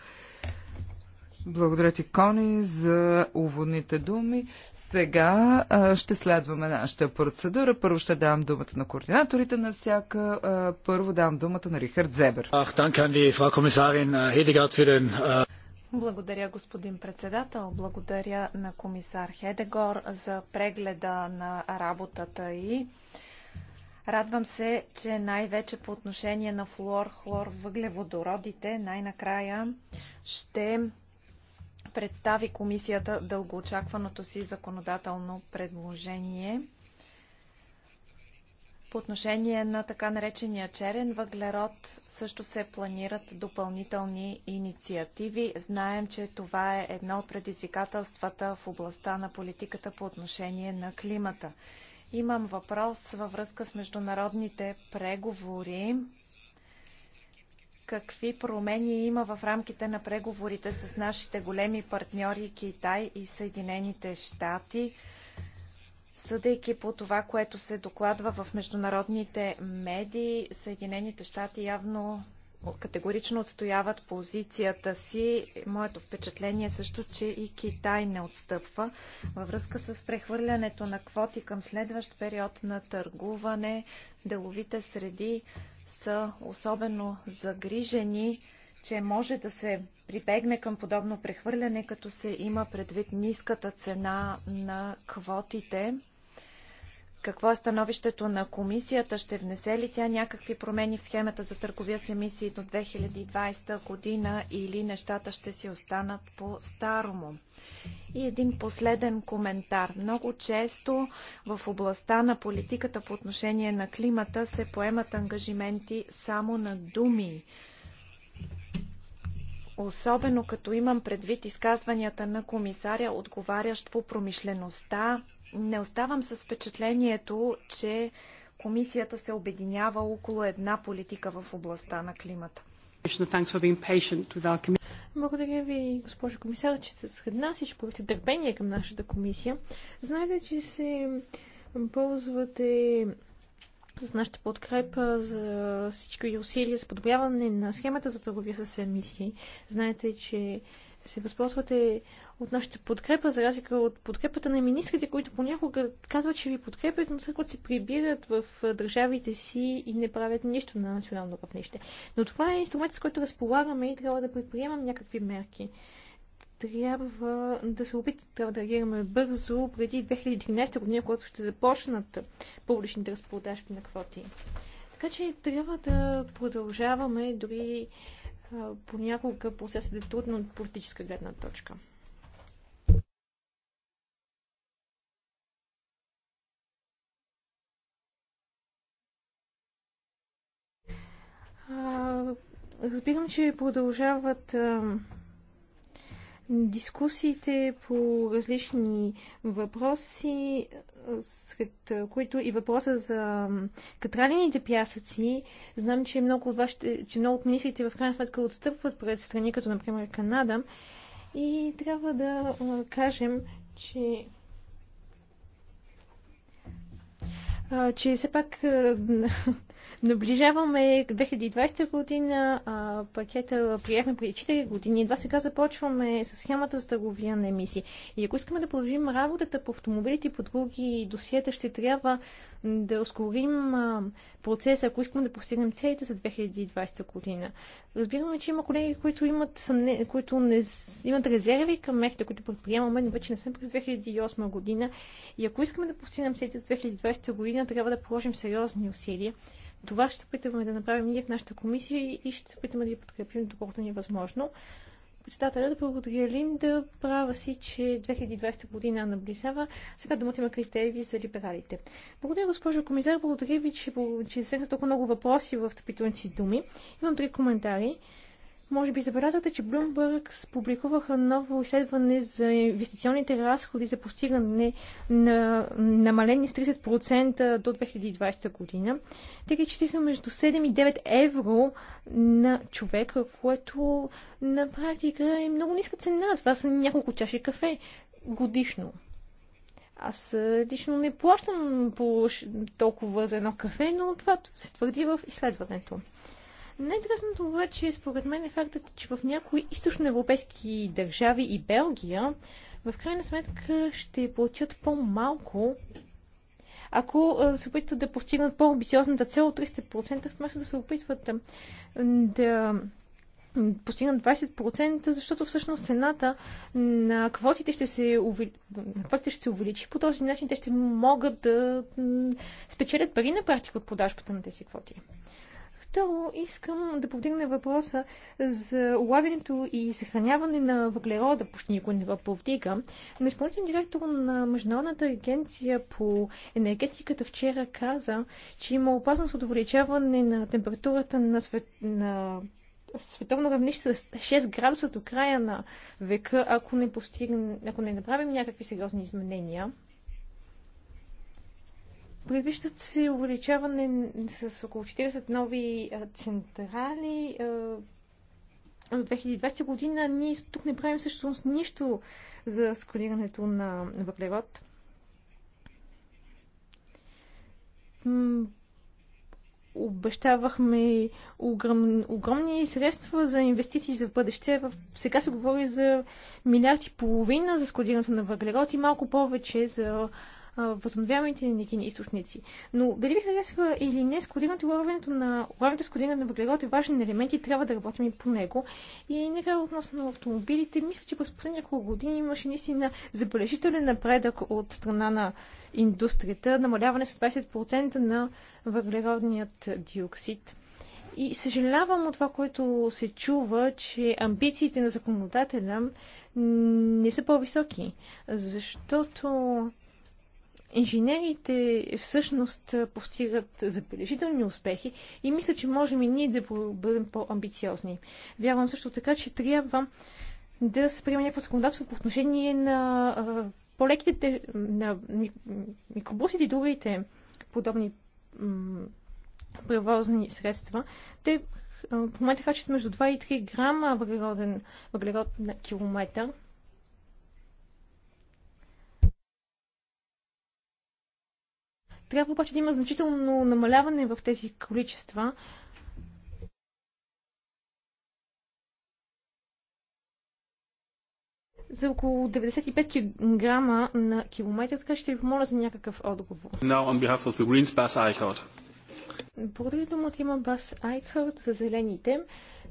Благодаря ти, Кони, за уводните думи. Сега а, ще следваме нашата процедура. Първо ще дам думата на координаторите на всяка. А, първо дам думата на Рихард Зебер. Ах, ви, комисарин Хедегард, Благодаря, господин председател. Благодаря на комисар Хедегор за прегледа на работата и Радвам се, че най-вече по отношение на флуор, хлор, въглеводородите, най-накрая ще представи комисията дългоочакваното си законодателно предложение по отношение на така наречения черен въглерод също се планират допълнителни инициативи. Знаем, че това е едно от предизвикателствата в областта на политиката по отношение на климата. Имам въпрос във връзка с международните преговори какви промени има в рамките на преговорите с нашите големи партньори Китай и Съединените щати, съдейки по това, което се докладва в международните медии, Съединените щати явно категорично отстояват позицията си. Моето впечатление е също, че и Китай не отстъпва. Във връзка с прехвърлянето на квоти към следващ период на търгуване, деловите среди са особено загрижени, че може да се прибегне към подобно прехвърляне, като се има предвид ниската цена на квотите. Какво е становището на комисията? Ще внесе ли тя някакви промени в схемата за търговия с емисии до 2020 година или нещата ще си останат по-старому? И един последен коментар. Много често в областта на политиката по отношение на климата се поемат ангажименти само на думи особено като имам предвид изказванията на комисаря, отговарящ по промишлеността, не оставам с впечатлението, че комисията се обединява около една политика в областта на климата. Благодаря ви, госпожо комисар, че сте сред нас и ще проявите търпение към нашата комисия. Знаете, че се ползвате с нашата подкрепа за всички усилия за подобряване на схемата за търговия с емисии. Знаете, че се възползвате от нашата подкрепа, за разлика от подкрепата на министрите, които понякога казват, че ви подкрепят, но след което се прибират в държавите си и не правят нищо на национално равнище. Но това е инструмент, с който разполагаме и трябва да предприемам някакви мерки. Трябва да се опитаме, трябва да реагираме бързо преди 2013 година, когато ще започнат публичните разпродажби на квоти. Така че трябва да продължаваме дори понякога процесът е от политическа гледна точка. Разбирам, че продължават дискусиите по различни въпроси, сред които и въпроса за катралините пясъци. Знам, че много от, вашите, че много от министрите в крайна сметка отстъпват пред страни, като например Канада. И трябва да кажем, че че все пак Наближаваме 2020 година, пакета приехме преди 4 години, едва сега започваме с схемата за търговия на емисии. И ако искаме да продължим работата по автомобилите и по други досиета, ще трябва да ускорим процеса, ако искаме да постигнем целите за 2020 година. Разбираме, че има колеги, които имат, съмне, които не, имат резерви към мерките, които предприемаме, но вече не сме през 2008 година. И ако искаме да постигнем целите за 2020 година, трябва да положим сериозни усилия. Това ще се опитаме да направим ние в нашата комисия и ще се опитаме да ги подкрепим доколкото ни е възможно председателя. Да благодаря Линда. Права си, че 2020 година наблизава. Сега думата има Крис Дейвис за либералите. Благодаря, госпожо комисар. Благодаря ви, че, че толкова много въпроси в тъпителните думи. Имам три коментари. Може би забелязвате, че Bloomberg публикуваха ново изследване за инвестиционните разходи за постигане на намалени с 30% до 2020 година. Те ги четиха между 7 и 9 евро на човека, което на практика е много ниска цена. Това са няколко чаши кафе годишно. Аз лично не плащам по толкова за едно кафе, но това се твърди в изследването. Най-интересното обаче, е, според мен, е фактът, че в някои източноевропейски държави и Белгия, в крайна сметка ще платят по-малко, ако се опитат да постигнат по-амбициозната цел от 300%, вместо да се опитват да постигнат 20%, защото всъщност цената на квотите ще се, увели... на квотите ще се увеличи. По този начин те ще могат да спечелят пари на практика от продажбата на тези квоти. Второ, искам да повдигна въпроса за улавянето и съхраняване на въглерода, почти никой не го повдига. Но изпълнителен директор на Международната агенция по енергетиката вчера каза, че има опасност от увеличаване на температурата на, свет... на световно равнище с 6 градуса до края на века, ако не, постигн... ако не направим някакви сериозни изменения. Предвиждат се увеличаване с около 40 нови централи. От 2020 година ние тук не правим всъщност нищо за складирането на въглерод. Обещавахме огром, огромни средства за инвестиции за бъдеще. Сега се говори за милиард и половина за складирането на въглерод и малко повече за възобновяемите енергийни източници. Но дали ви харесва или не, складирането и улавянето на улавянето с на въглерод е важен елемент и трябва да работим и по него. И нека относно автомобилите, мисля, че през последните няколко години имаше наистина забележителен напредък от страна на индустрията, намаляване с 20% на въглеродният диоксид. И съжалявам от това, което се чува, че амбициите на законодателя не са по-високи, защото инженерите всъщност постигат забележителни успехи и мисля, че можем и ние да бъдем по-амбициозни. Вярвам също така, че трябва да се приема някакво законодателство по отношение на а, полеките на микробусите и другите подобни превозни средства. Те в момента хачат между 2 и 3 грама въглерод на километър. Трябва обаче да има значително намаляване в тези количества. за около 95 кг на километър, така ще ви помоля за някакъв отговор. Now благодаря думата има Бас Айкхарт за зелените.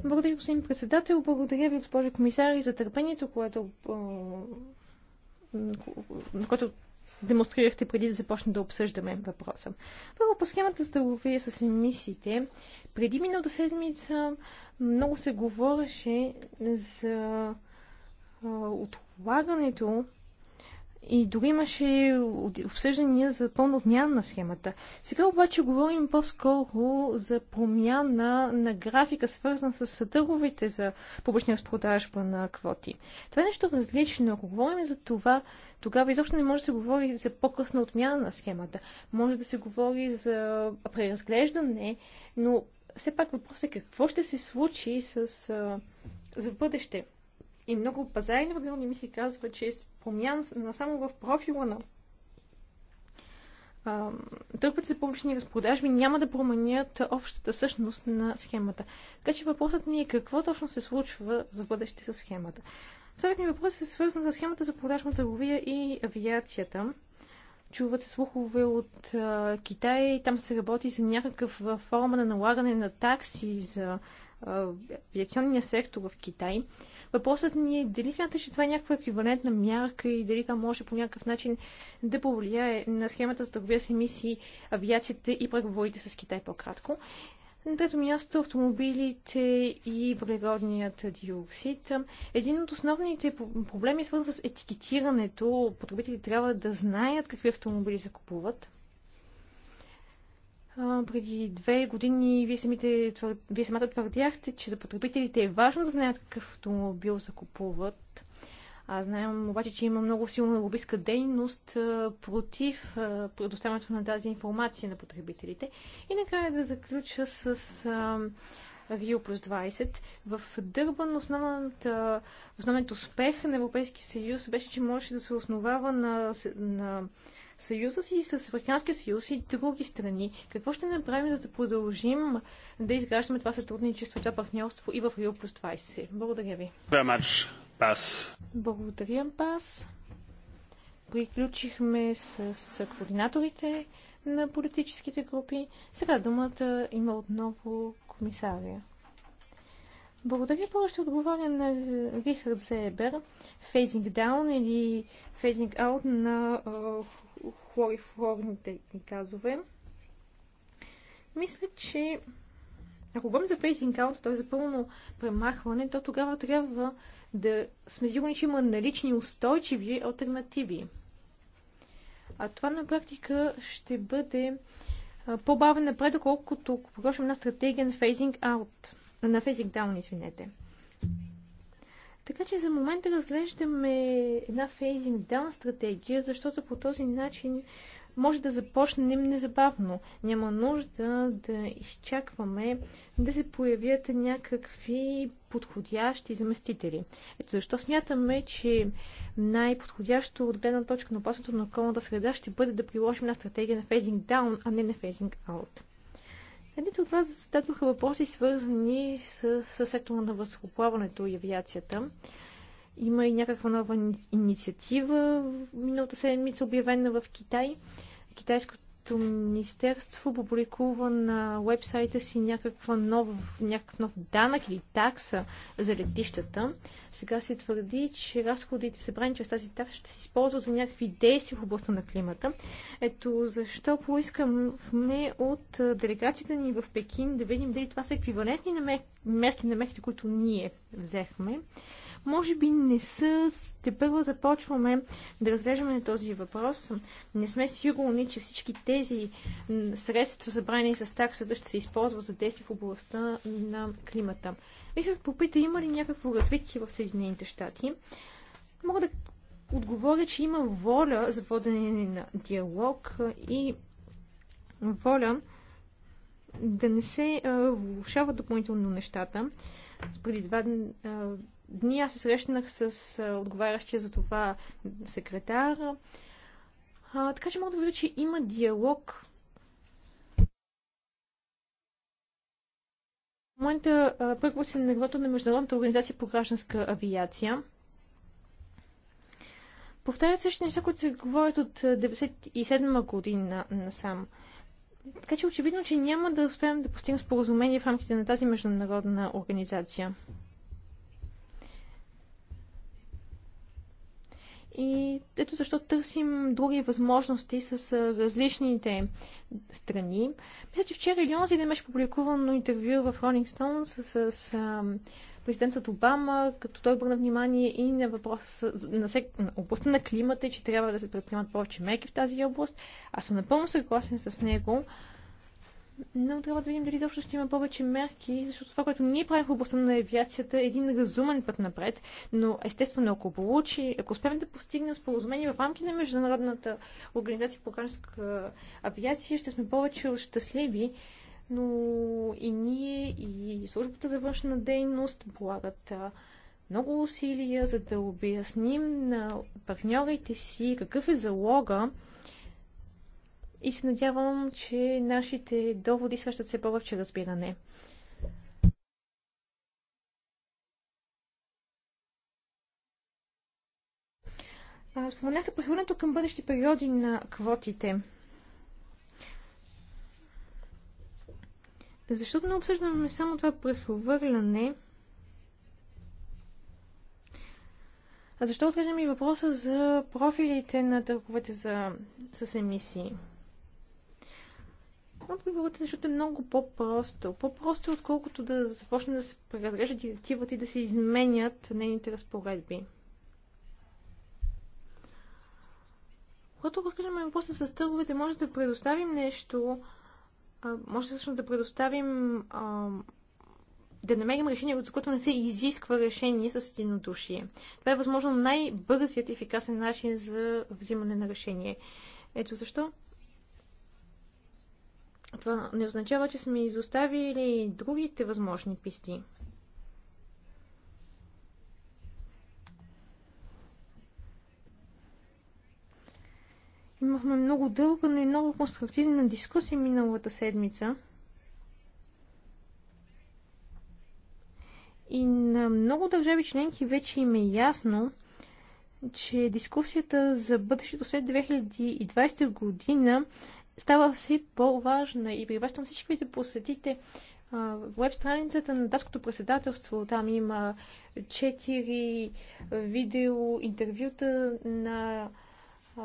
Благодаря, господин председател. Благодаря ви, госпожа комисар, за търпението, което, на което демонстрирахте преди да започнем да обсъждаме въпроса. Първо по схемата за търговия с емисиите. Преди миналата седмица много се говореше за отлагането и дори имаше обсъждания за пълна отмяна на схемата. Сега обаче говорим по-скоро за промяна на графика, свързан с търговите за публичния продажба на квоти. Това е нещо различно. Ако говорим за това, тогава изобщо не може да се говори за по-късна отмяна на схемата. Може да се говори за преразглеждане, но все пак въпросът е какво ще се случи с, а, за бъдеще. И много пазарни органи ми се казва, че промяна само в профила на търговете за публични разпродажби няма да променят общата същност на схемата. Така че въпросът ми е какво точно се случва за бъдеще с схемата. Вторият ми въпрос е свързан с схемата за продажна търговия и авиацията. Чуват се слухове от а, Китай, там се работи за някакъв форма на налагане на такси за авиационния сектор в Китай. Въпросът ни е дали смяташ, че това е някаква еквивалентна мярка и дали това може по някакъв начин да повлияе на схемата за търговия с емисии, авиацията и преговорите с Китай по-кратко. На трето място автомобилите и въглеродният диоксид. Един от основните проблеми е свързан с етикетирането. Потребителите трябва да знаят какви автомобили се купуват преди две години вие, самите, вие самата твърдяхте, че за потребителите е важно да знаят какъв автомобил се купуват. А знаем обаче, че има много силна лобистка дейност против предоставянето на тази информация на потребителите. И накрая да заключа с а, Рио плюс 20. В Дърбан основният успех на Европейския съюз беше, че можеше да се основава на, на съюза си, с Африканския съюз и други страни. Какво ще направим, за да продължим да изграждаме това сътрудничество, това партньорство и в Рио плюс 20? Благодаря ви. Благодаря, Пас. Приключихме с координаторите на политическите групи. Сега думата има отново комисария. Благодаря, първо ще отговоря на Рихард Зебер. Фейзинг даун или фейзинг аут на хлорифлорните газове. Мисля, че ако говорим за фейзинг аут, т.е. за пълно премахване, то тогава трябва да сме сигурни, че има налични устойчиви альтернативи. А това на практика ще бъде по-бавен напред, колкото ако на стратегия на фейзинг аут, на фейзинг даун, извинете. Така че за момента разглеждаме една фейзинг даун стратегия, защото по този начин може да започнем незабавно. Няма нужда да изчакваме да се появят някакви подходящи заместители. Ето защо смятаме, че най-подходящо от гледна точка на опасното на околната среда ще бъде да приложим на стратегия на фейзинг даун, а не на фейзинг аут. Едните от вас зададоха въпроси, свързани с, с сектора на възхоплаването и авиацията. Има и някаква нова инициатива миналата седмица, обявена в Китай. Китайското като министерство публикува на вебсайта си някаква нов, някакъв нов данък или такса за летищата. Сега се твърди, че разходите събрани чрез тази такса ще се използват за някакви действия в областта на климата. Ето защо поискахме от делегацията ни в Пекин да видим дали това са еквивалентни на мерки на мерките, които ние взехме може би не са, те първо започваме да разглеждаме този въпрос. Не сме сигурни, че всички тези средства, събрани с таксата, ще се използват за действия в областта на климата. Бих попита, има ли някакво развитие в Съединените щати? Мога да отговоря, че има воля за водене на диалог и воля да не се влушават допълнително нещата. Преди два дни аз се срещнах с отговарящия за това секретар. А, така че мога да видя, че има диалог. В момента първо се на нивото на Международната организация по гражданска авиация. Повтарят същите неща, които се говорят от 97-ма година насам. Така че очевидно, че няма да успеем да постигнем споразумение в рамките на тази международна организация. И ето защо търсим други възможности с различните страни. Мисля, че вчера или онзи ден беше публикувано интервю в Rolling Stone с, с президентът Обама, като той обърна внимание и на въпроса на, сек... на областта на климата и че трябва да се предприемат повече мерки в тази област. Аз съм напълно съгласен с него но трябва да видим дали изобщо ще има повече мерки, защото това, което ние правим в областта на авиацията е един разумен път напред, но естествено, ако получи, ако успеем да постигнем споразумение в рамките на Международната организация по гражданска авиация, ще сме повече щастливи, но и ние, и службата за външна дейност полагат много усилия, за да обясним на партньорите си какъв е залога и се надявам, че нашите доводи срещат се повече разбиране. Споменахте прехвърлянето към бъдещи периоди на квотите. Защото не обсъждаме само това прехвърляне, а защо разглеждаме и въпроса за профилите на търговете за, с емисии? Отговорът е, защото е много по-просто. По-просто, е, отколкото да започне да се преразглежда директивата и да се изменят нейните разпоредби. Когато разкажем въпроса с търговете, може да предоставим нещо, може всъщност да предоставим, да намерим решение, за което не се изисква решение с единодушие. Това е възможно най-бързият и ефикасен начин за взимане на решение. Ето защо това не означава, че сме изоставили другите възможни писти. Имахме много дълга, но и много конструктивна дискусия миналата седмица. И на много държави членки вече им е ясно, че дискусията за бъдещето след 2020 година става все по-важна и приветствам всички ви да посетите веб страницата на датското председателство. Там има четири видео интервюта на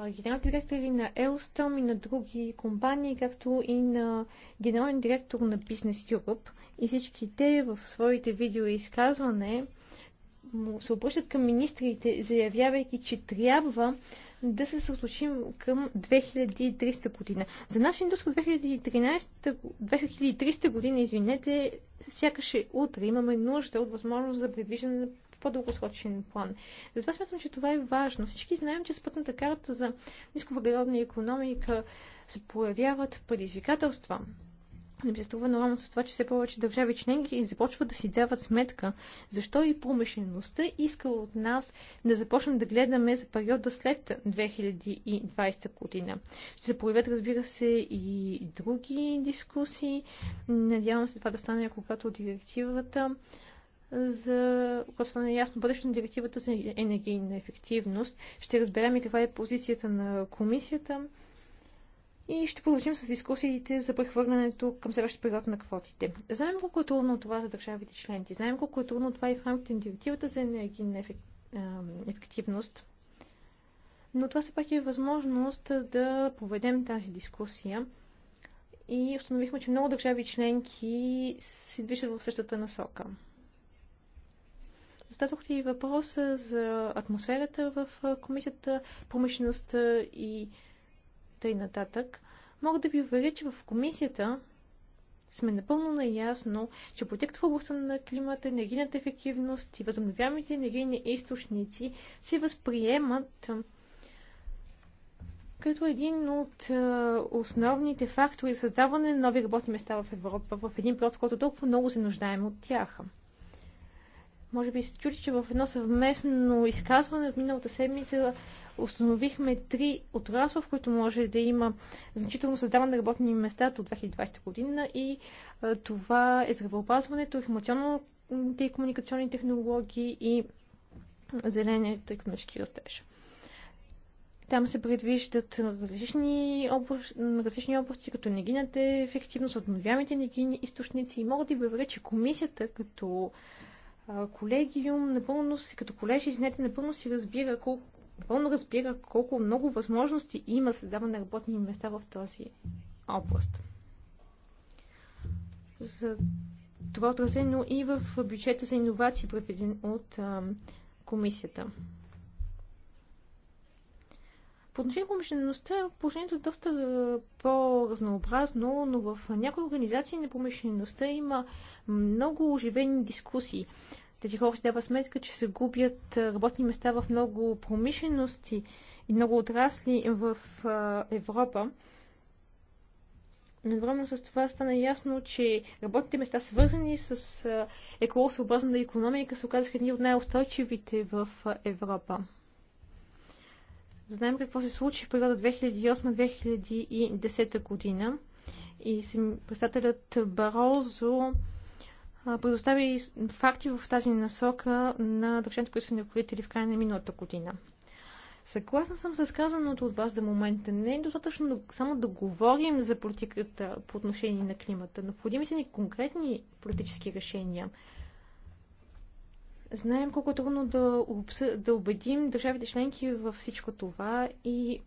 генерални директори на Елстъм и на други компании, както и на генерален директор на Business Europe. И всички те в своите видео изказване се обръщат към министрите, заявявайки, че трябва да се съсочим към 2300 година. За нас Финдуска 2013, 2300 година, извинете, сякаш е утре. Имаме нужда от възможност за предвиждане на по-дългосрочен план. Затова смятам, че това е важно. Всички знаем, че с пътната карта за нисковъглеродна економика се появяват предизвикателства не ми се струва нормално с това, че все повече държави членки започват да си дават сметка, защо и промишлеността иска от нас да започнем да гледаме за периода след 2020 година. Ще се появят, разбира се, и други дискусии. Надявам се това да стане, когато директивата за когато стане ясно бъдеще на директивата за енергийна ефективност. Ще разберем и каква е позицията на комисията и ще продължим с дискусиите за прехвърлянето към следващия период на квотите. Знаем колко е трудно това за държавите членки, знаем колко е трудно това и в рамките на директивата за енергийна ефективност, но това все пак е възможност да проведем тази дискусия и установихме, че много държави членки се движат в същата насока. Зададохте и въпроса за атмосферата в комисията, промишлеността и тъй нататък, мога да ви уверя, че в комисията сме напълно наясно, че политиката в областта на климата, енергийната ефективност и възобновяемите енергийни източници се възприемат като един от основните фактори за създаване на нови работни места в Европа, в един период, в който толкова много се нуждаем от тях. Може би се чули, че в едно съвместно изказване от миналата седмица установихме три отрасла, в които може да има значително създаване на работни места до 2020 година и това е здравеопазването, информационните и комуникационни технологии и зелените економически растеж. Там се предвиждат различни, области, различни области, като енергийната ефективност, отновяемите енергийни източници. И мога да ви че комисията като колегиум, напълно си, като колеж, извинете, напълно си разбира колко напълно разбира колко много възможности има създаване на работни места в този област. За това е отразено и в бюджета за иновации, предвиден от а, комисията. По отношение на помишлеността, положението е доста по-разнообразно, но в някои организации на промишлеността има много оживени дискусии. Тези хора си дават сметка, че се губят работни места в много промишлености и много отрасли в Европа. Едновременно с това стана ясно, че работните места, свързани с екологосъобразната економика, се оказаха едни от най-устойчивите в Европа. Знаем какво се случи в периода 2008-2010 година и председателят Барозо предостави факти в тази насока на държавните правителствени ръководители в края на миналата година. Съгласна съм с казаното от вас за момента. Не е достатъчно само да говорим за политиката по отношение на климата. Необходими са ни конкретни политически решения. Знаем колко е трудно да, обсъ... да убедим държавите членки във всичко това и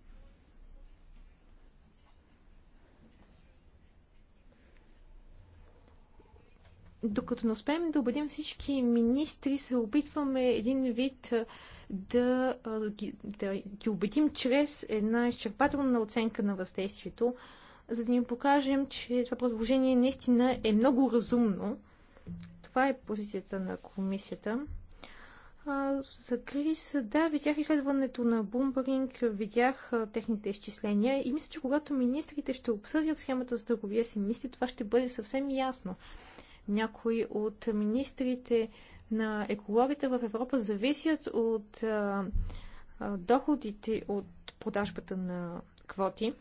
докато не успеем да убедим всички министри, се опитваме един вид да, да ги убедим чрез една изчерпателна оценка на въздействието, за да ни покажем, че това предложение наистина е много разумно. Това е позицията на комисията. За Крис, да, видях изследването на Бумбаринг, видях техните изчисления и мисля, че когато министрите ще обсъдят схемата за търговия си мисли, това ще бъде съвсем ясно. Някои от министрите на екологията в Европа зависят от а, а, доходите от продажбата на квоти.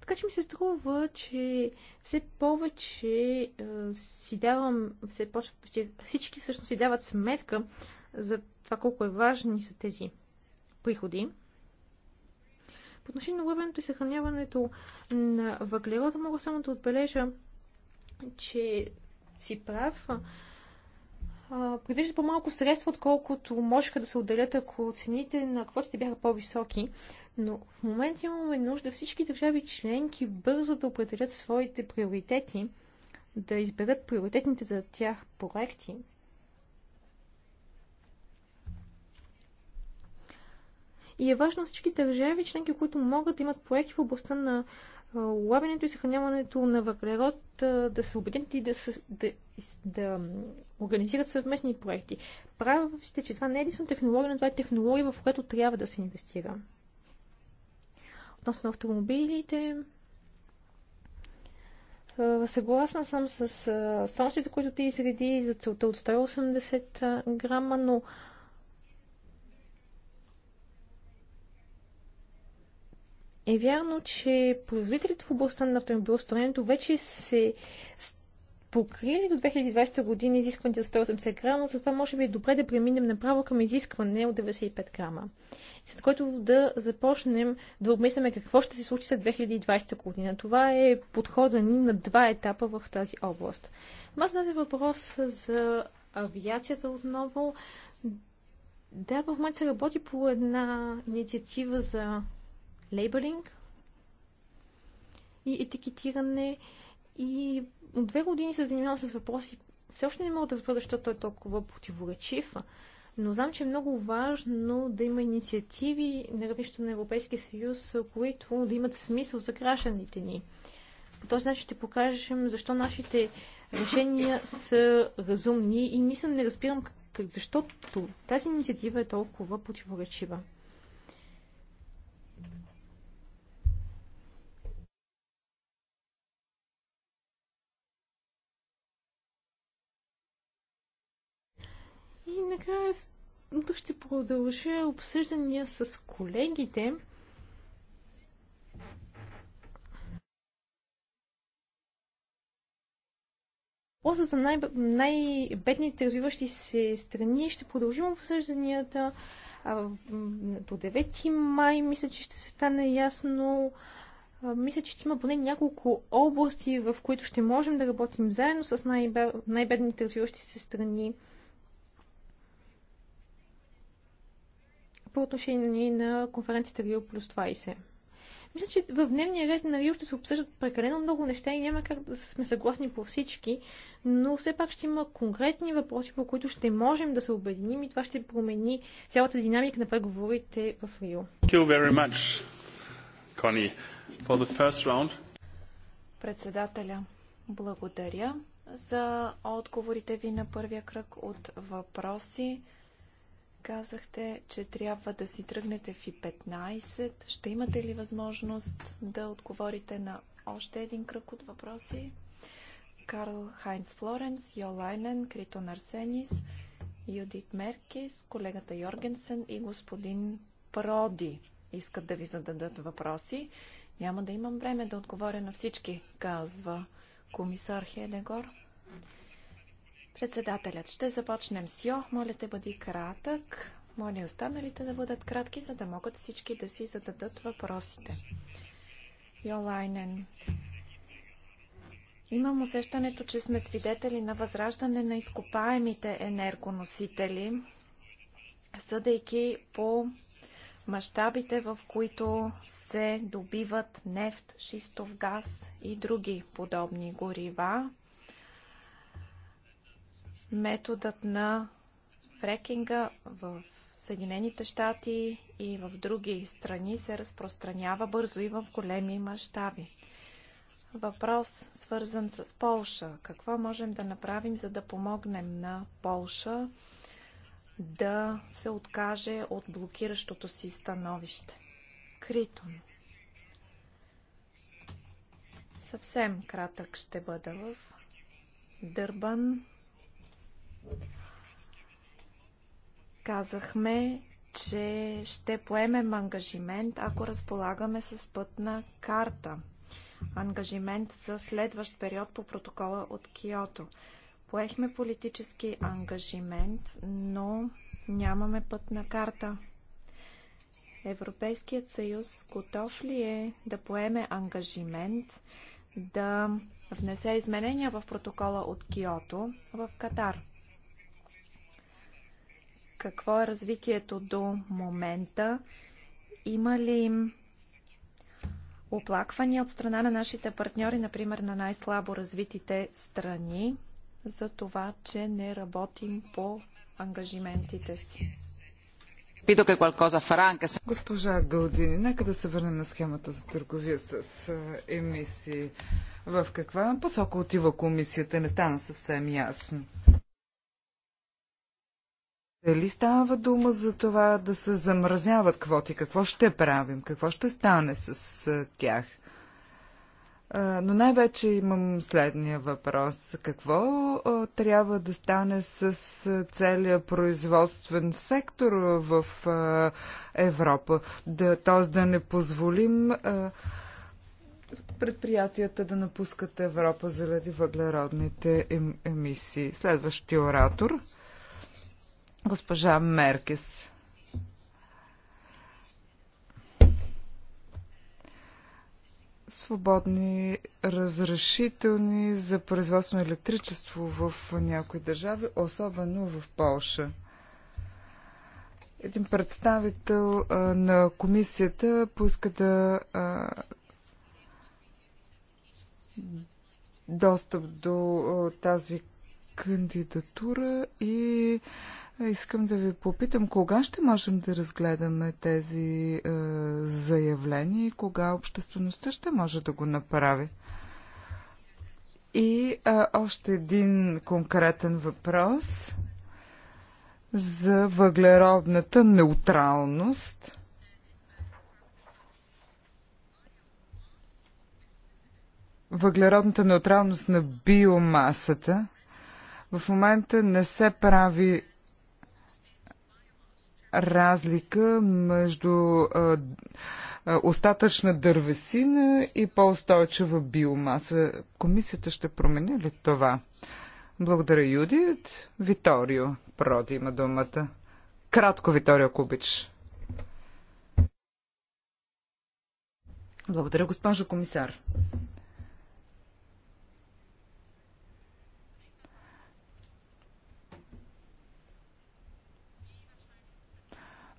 Така че ми се струва, че все повече а, си давам, все повече, всички всъщност си дават сметка за това колко е важни са тези приходи. По отношение на времето и съхраняването на въглерода, мога само да отбележа, че си прав. Предвижда по-малко средства, отколкото можеха да се отделят, ако цените на квотите бяха по-високи. Но в момента имаме нужда всички държави членки бързо да определят своите приоритети, да изберат приоритетните за тях проекти, И е важно всички държави, членки, които могат да имат проекти в областта на лавенето и съхраняването на въглерод да се обединят и да, са, да, да организират съвместни проекти. Правя сте, че това не е единствено технология, но това е технология, в която трябва да се инвестира. Относно автомобилите, съгласна съм с стоностите, които ти изреди за целта от 180 грама, но е вярно, че производителите в областта на автомобилостроенето вече се покрили до 2020 година изискването за 180 грама, затова може би е добре да преминем направо към изискване от 95 грама. След което да започнем да обмисляме какво ще се случи след 2020 година. Това е подхода ни на два етапа в тази област. Ма знаете въпрос за авиацията отново. Да, в момента се работи по една инициатива за лейбелинг и етикетиране. И от две години се занимавам с въпроси. Все още не мога да разбера защо той е толкова противоречив, но знам, че е много важно да има инициативи на равнището на Европейския съюз, които да имат смисъл за гражданите ни. По този начин ще покажем защо нашите решения са разумни и не не разбирам как, защото тази инициатива е толкова противоречива. И накрая тук ще продължа обсъждания с колегите. Въпроса за най- най-бедните развиващи се страни ще продължим обсъжданията. до 9 май мисля, че ще се стане ясно. мисля, че ще има поне няколко области, в които ще можем да работим заедно с най-бедните развиващи се страни. по отношение на конференцията Рио плюс 20. Мисля, че в дневния ред на Рио ще се обсъждат прекалено много неща и няма как да сме съгласни по всички, но все пак ще има конкретни въпроси, по които ще можем да се обединим и това ще промени цялата динамика на преговорите в Рио. Much, Connie, Председателя, благодаря за отговорите ви на първия кръг от въпроси. Казахте, че трябва да си тръгнете в И-15. Ще имате ли възможност да отговорите на още един кръг от въпроси? Карл Хайнц Флоренс, Лайнен, Критон Арсенис, Юдит Меркис, колегата Йоргенсен и господин Проди искат да ви зададат въпроси. Няма да имам време да отговоря на всички, казва комисар Хедегор. Председателят, ще започнем с Йо. Моля те бъди кратък. Моля останалите да бъдат кратки, за да могат всички да си зададат въпросите. Йолайнен. Имам усещането, че сме свидетели на възраждане на изкопаемите енергоносители, съдейки по мащабите, в които се добиват нефт, шистов газ и други подобни горива. Методът на фрекинга в Съединените щати и в други страни се разпространява бързо и в големи мащаби. Въпрос свързан с Полша. Какво можем да направим, за да помогнем на Полша да се откаже от блокиращото си становище? Критон. Съвсем кратък ще бъда в Дърбан. Казахме, че ще поемем ангажимент, ако разполагаме с пътна карта. Ангажимент за следващ период по протокола от Киото. Поехме политически ангажимент, но нямаме пътна карта. Европейският съюз готов ли е да поеме ангажимент да внесе изменения в протокола от Киото в Катар? Какво е развитието до момента? Има ли оплаквания от страна на нашите партньори, например на най-слабо развитите страни, за това, че не работим по ангажиментите си? Госпожа Галдини, нека да се върнем на схемата за търговия с емисии. В каква посока отива комисията? Не стана съвсем ясно. Дали става дума за това да се замразяват квоти? Какво ще правим? Какво ще стане с тях? Но най-вече имам следния въпрос. Какво трябва да стане с целия производствен сектор в Европа? Да, Тоест да не позволим предприятията да напускат Европа заради въглеродните емисии. Следващия оратор. Госпожа Меркес. свободни разрешителни за производство на електричество в някои държави, особено в Полша. Един представител а, на комисията поиска да а, достъп до а, тази кандидатура и Искам да ви попитам, кога ще можем да разгледаме тези е, заявления и кога обществеността ще може да го направи? И е, още един конкретен въпрос за въглеродната неутралност. Въглеродната неутралност на биомасата в момента не се прави разлика между а, остатъчна дървесина и по-устойчива биомаса. Комисията ще промени ли това? Благодаря, Юдит. Виторио Проди има думата. Кратко, Виторио, Кубич. Благодаря, госпожо комисар.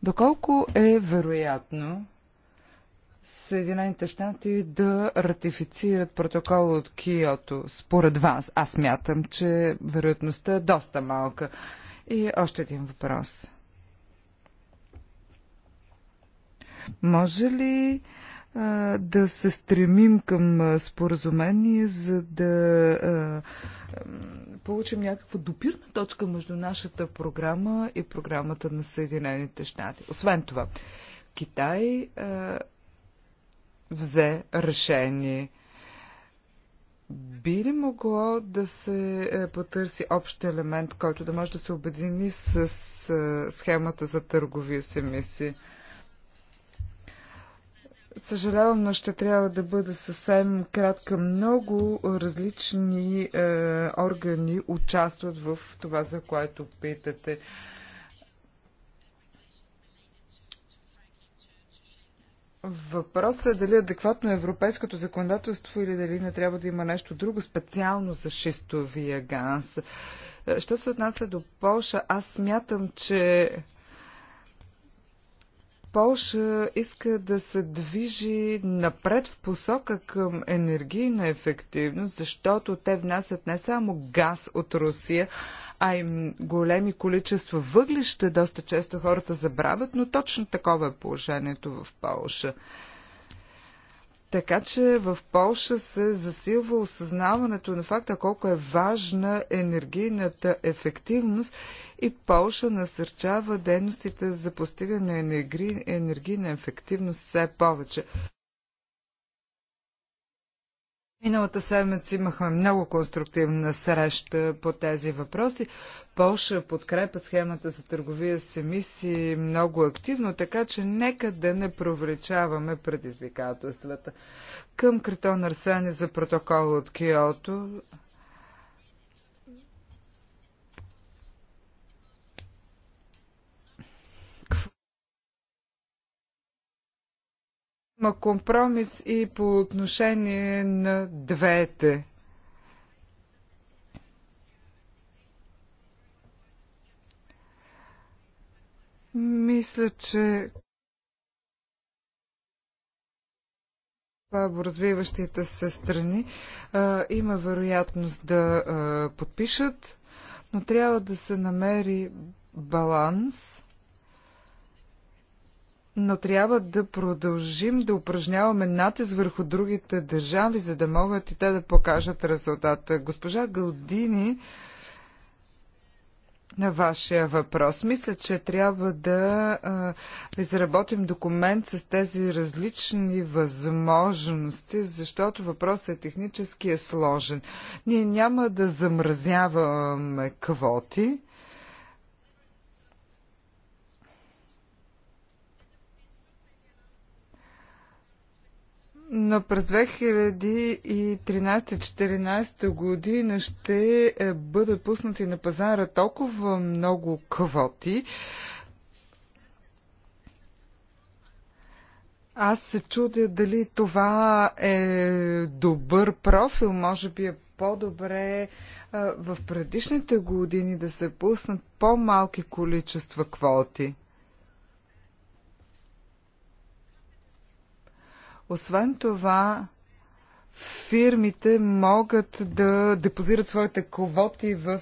Доколко е вероятно Съединените щати да ратифицират протокол от Киото според вас? Аз мятам, че вероятността е доста малка. И още един въпрос. Може ли да се стремим към споразумение, за да получим някаква допирна точка между нашата програма и програмата на Съединените щати. Освен това, Китай взе решение би ли могло да се е, потърси общ елемент, който да може да се обедини с схемата за търговия с емисии? Съжалявам, но ще трябва да бъда съвсем кратка. Много различни е, органи участват в това, за което питате. Въпросът е дали адекватно европейското законодателство или дали не трябва да има нещо друго специално за шистовия ганс. Е, що се отнася до Полша, аз смятам, че Полша иска да се движи напред в посока към енергийна ефективност, защото те внасят не само газ от Русия, а и големи количества въглища. Доста често хората забравят, но точно такова е положението в Полша. Така че в Полша се засилва осъзнаването на факта колко е важна енергийната ефективност и Полша насърчава дейностите за постигане на енергийна ефективност все повече. Миналата седмица имахме много конструктивна среща по тези въпроси. Полша подкрепа схемата за търговия с емисии много активно, така че нека да не провеличаваме предизвикателствата. Към Критон Арсени за протокол от Киото Има компромис и по отношение на двете. Мисля, че слабо развиващите се страни а, има вероятност да а, подпишат, но трябва да се намери баланс но трябва да продължим да упражняваме натиск върху другите държави, за да могат и те да покажат резултата. Госпожа Галдини, на вашия въпрос. Мисля, че трябва да а, изработим документ с тези различни възможности, защото въпросът е технически е сложен. Ние няма да замразяваме квоти, Но през 2013-2014 година ще е, бъдат пуснати на пазара толкова много квоти. Аз се чудя дали това е добър профил, може би е по-добре е, в предишните години да се пуснат по-малки количества квоти. Освен това, фирмите могат да депозират своите квоти в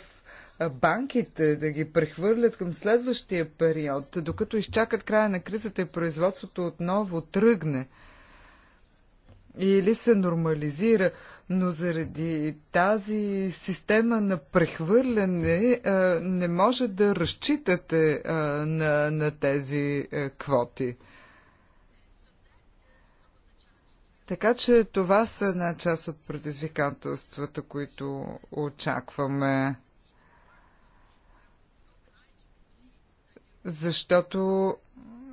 банките, да ги прехвърлят към следващия период, докато изчакат края на кризата и производството отново тръгне или се нормализира. Но заради тази система на прехвърляне не може да разчитате на, на тези квоти. Така че това са една част от предизвикателствата, които очакваме. Защото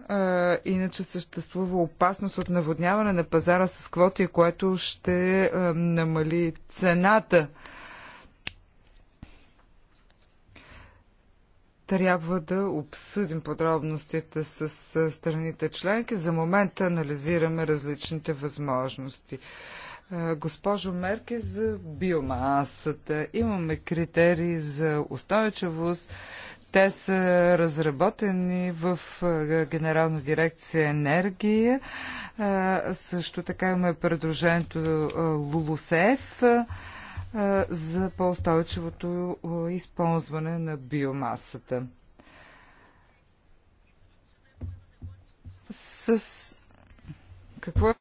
а, иначе съществува опасност от наводняване на пазара с квоти, което ще а, намали цената трябва да обсъдим подробностите с страните членки. За момента анализираме различните възможности. Е, госпожо Мерки, за биомасата имаме критерии за устойчивост. Те са разработени в е, Генерална дирекция енергия. Е, също така имаме предложението Лулусев за по-устойчивото използване на биомасата. С какво е?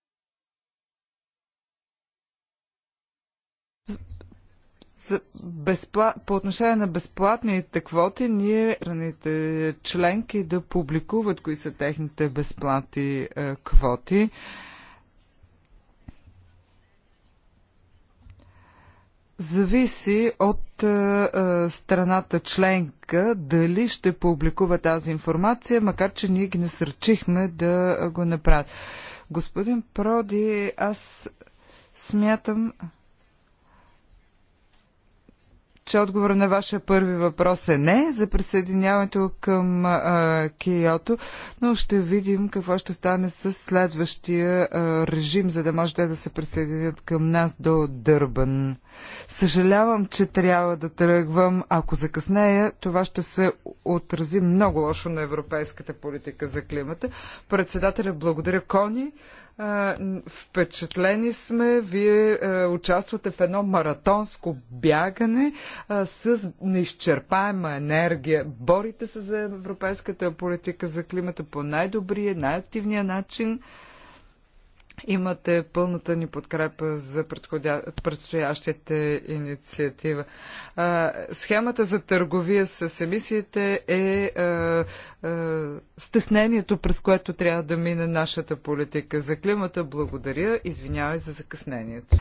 Безпла... по отношение на безплатните квоти, ние страните членки да публикуват кои са техните безплатни квоти. зависи от а, е, е, страната членка дали ще публикува тази информация, макар че ние ги насърчихме да го направят. Господин Проди, аз смятам, че отговор на вашия първи въпрос е не за присъединяването към а, Киото, но ще видим какво ще стане с следващия а, режим, за да може да се присъединят към нас до Дърбан. Съжалявам, че трябва да тръгвам. Ако закъснея, това ще се отрази много лошо на европейската политика за климата. Председателя, благодаря Кони. Впечатлени сме, вие участвате в едно маратонско бягане с неизчерпаема енергия. Борите се за европейската политика за климата по най-добрия, най-активния начин. Имате пълната ни подкрепа за предстоящите инициатива. Схемата за търговия с емисиите е, е, е стеснението, през което трябва да мине нашата политика за климата. Благодаря. Извинявай за закъснението.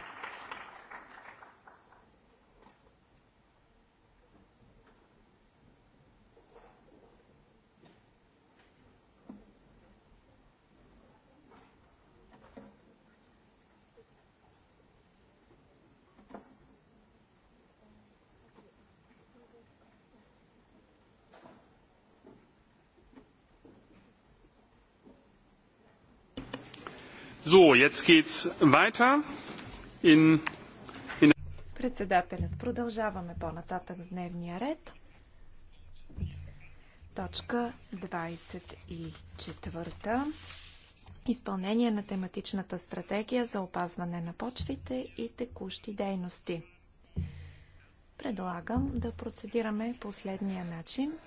jetzt geht's weiter in, in... Председателят. Продължаваме по-нататък с дневния ред. Точка 24. Изпълнение на тематичната стратегия за опазване на почвите и текущи дейности. Предлагам да процедираме последния начин –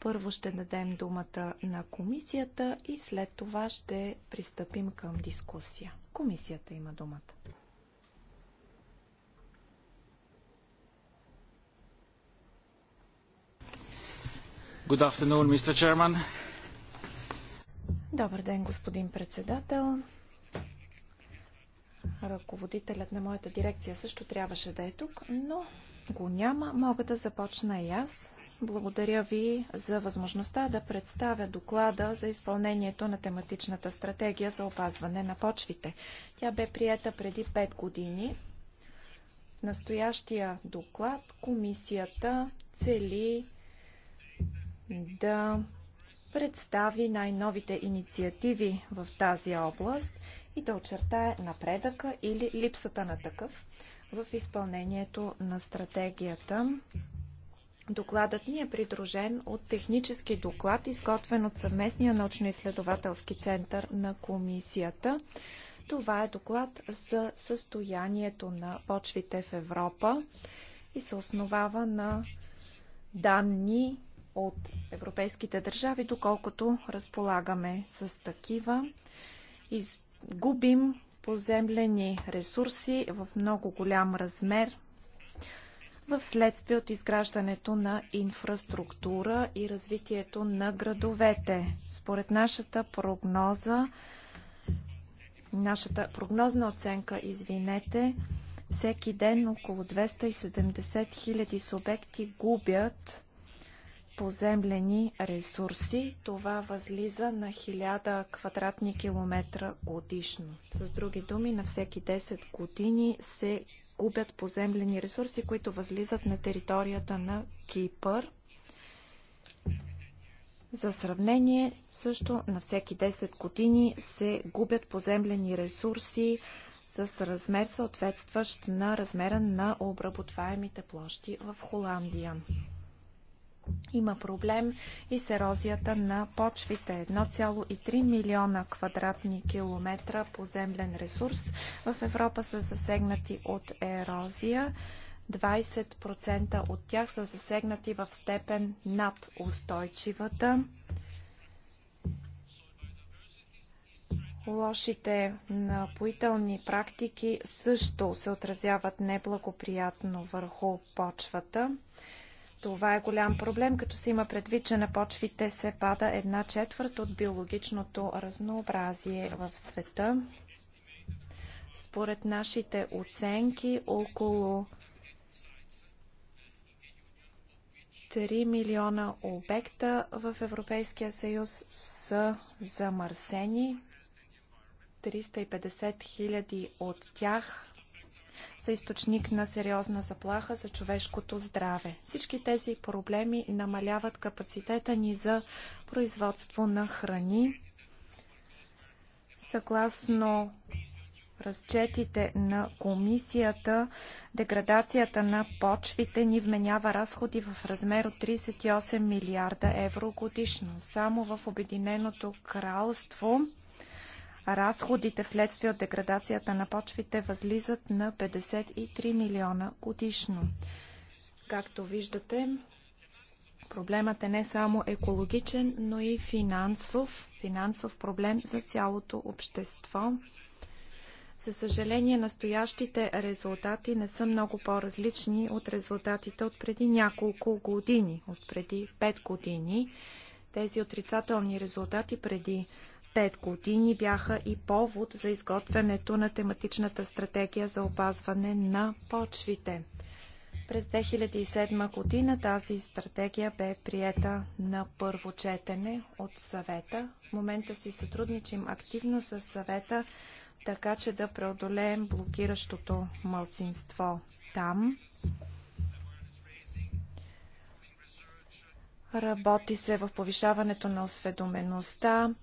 първо ще дадем думата на комисията и след това ще пристъпим към дискусия. Комисията има думата. Good afternoon, Mr. Chairman. Добър ден, господин председател. Ръководителят на моята дирекция също трябваше да е тук, но го няма. Мога да започна и аз. Благодаря ви за възможността да представя доклада за изпълнението на тематичната стратегия за опазване на почвите. Тя бе приета преди 5 години. В настоящия доклад комисията цели да представи най-новите инициативи в тази област и да очертае напредъка или липсата на такъв в изпълнението на стратегията Докладът ни е придружен от технически доклад, изготвен от съвместния научно-изследователски център на комисията. Това е доклад за състоянието на почвите в Европа и се основава на данни от европейските държави, доколкото разполагаме с такива. Изгубим поземлени ресурси в много голям размер в следствие от изграждането на инфраструктура и развитието на градовете. Според нашата прогноза, нашата прогнозна оценка, извинете, всеки ден около 270 хиляди субекти губят поземлени ресурси. Това възлиза на 1000 квадратни километра годишно. С други думи, на всеки 10 години се губят поземлени ресурси, които възлизат на територията на Кипър. За сравнение, също на всеки 10 години се губят поземлени ресурси с размер съответстващ на размера на обработваемите площи в Холандия. Има проблем и с ерозията на почвите. 1,3 милиона квадратни километра поземлен ресурс в Европа са засегнати от ерозия. 20% от тях са засегнати в степен над устойчивата. Лошите напоителни практики също се отразяват неблагоприятно върху почвата. Това е голям проблем, като се има предвид, че на почвите се пада една четвърт от биологичното разнообразие в света. Според нашите оценки, около 3 милиона обекта в Европейския съюз са замърсени. 350 хиляди от тях са източник на сериозна заплаха за човешкото здраве. Всички тези проблеми намаляват капацитета ни за производство на храни. Съгласно разчетите на комисията, деградацията на почвите ни вменява разходи в размер от 38 милиарда евро годишно. Само в Обединеното кралство – разходите вследствие от деградацията на почвите възлизат на 53 милиона годишно. Както виждате, проблемът е не само екологичен, но и финансов. Финансов проблем за цялото общество. За съжаление, настоящите резултати не са много по-различни от резултатите от преди няколко години, от преди 5 години. Тези отрицателни резултати преди 5 години бяха и повод за изготвянето на тематичната стратегия за опазване на почвите. През 2007 година тази стратегия бе приета на първо четене от съвета. В момента си сътрудничим активно с съвета, така че да преодолеем блокиращото мълцинство там. Работи се в повишаването на осведомеността,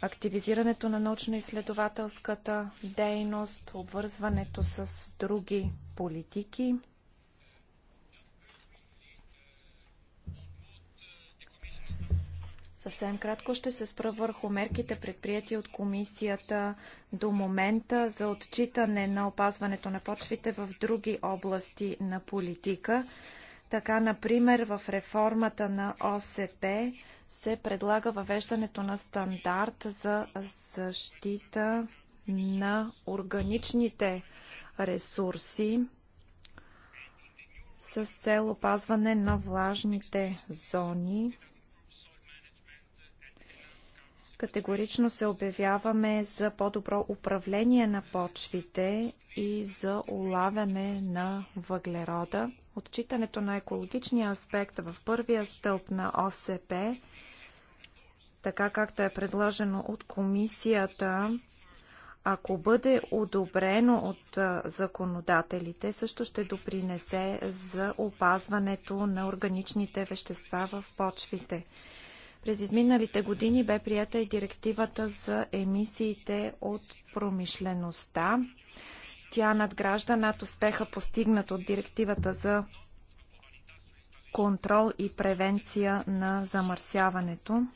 активизирането на научно-изследователската дейност, обвързването с други политики. Съвсем кратко ще се спра върху мерките, предприяти от комисията до момента за отчитане на опазването на почвите в други области на политика. Така, например, в реформата на ОСП се предлага въвеждането на стандарт за защита на органичните ресурси с цел опазване на влажните зони Категорично се обявяваме за по-добро управление на почвите и за улавяне на въглерода. Отчитането на екологичния аспект в първия стълб на ОСП, така както е предложено от комисията, ако бъде одобрено от законодателите, също ще допринесе за опазването на органичните вещества в почвите. През изминалите години бе прията и директивата за емисиите от промишлеността. Тя надгражда над успеха постигнат от директивата за контрол и превенция на замърсяването.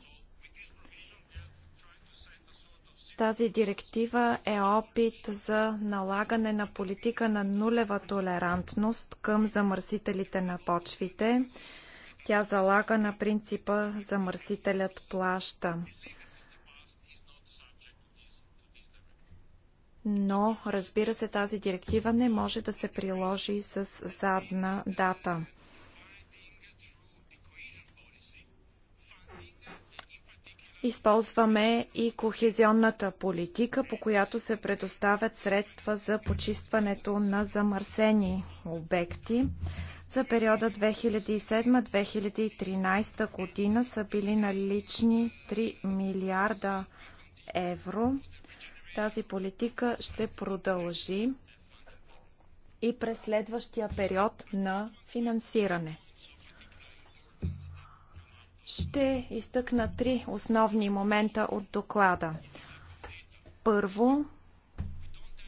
Тази директива е опит за налагане на политика на нулева толерантност към замърсителите на почвите. Тя залага на принципа замърсителят плаща. Но, разбира се, тази директива не може да се приложи с задна дата. Използваме и кохезионната политика, по която се предоставят средства за почистването на замърсени обекти. За периода 2007-2013 година са били налични 3 милиарда евро. Тази политика ще продължи и през следващия период на финансиране. Ще изтъкна три основни момента от доклада. Първо,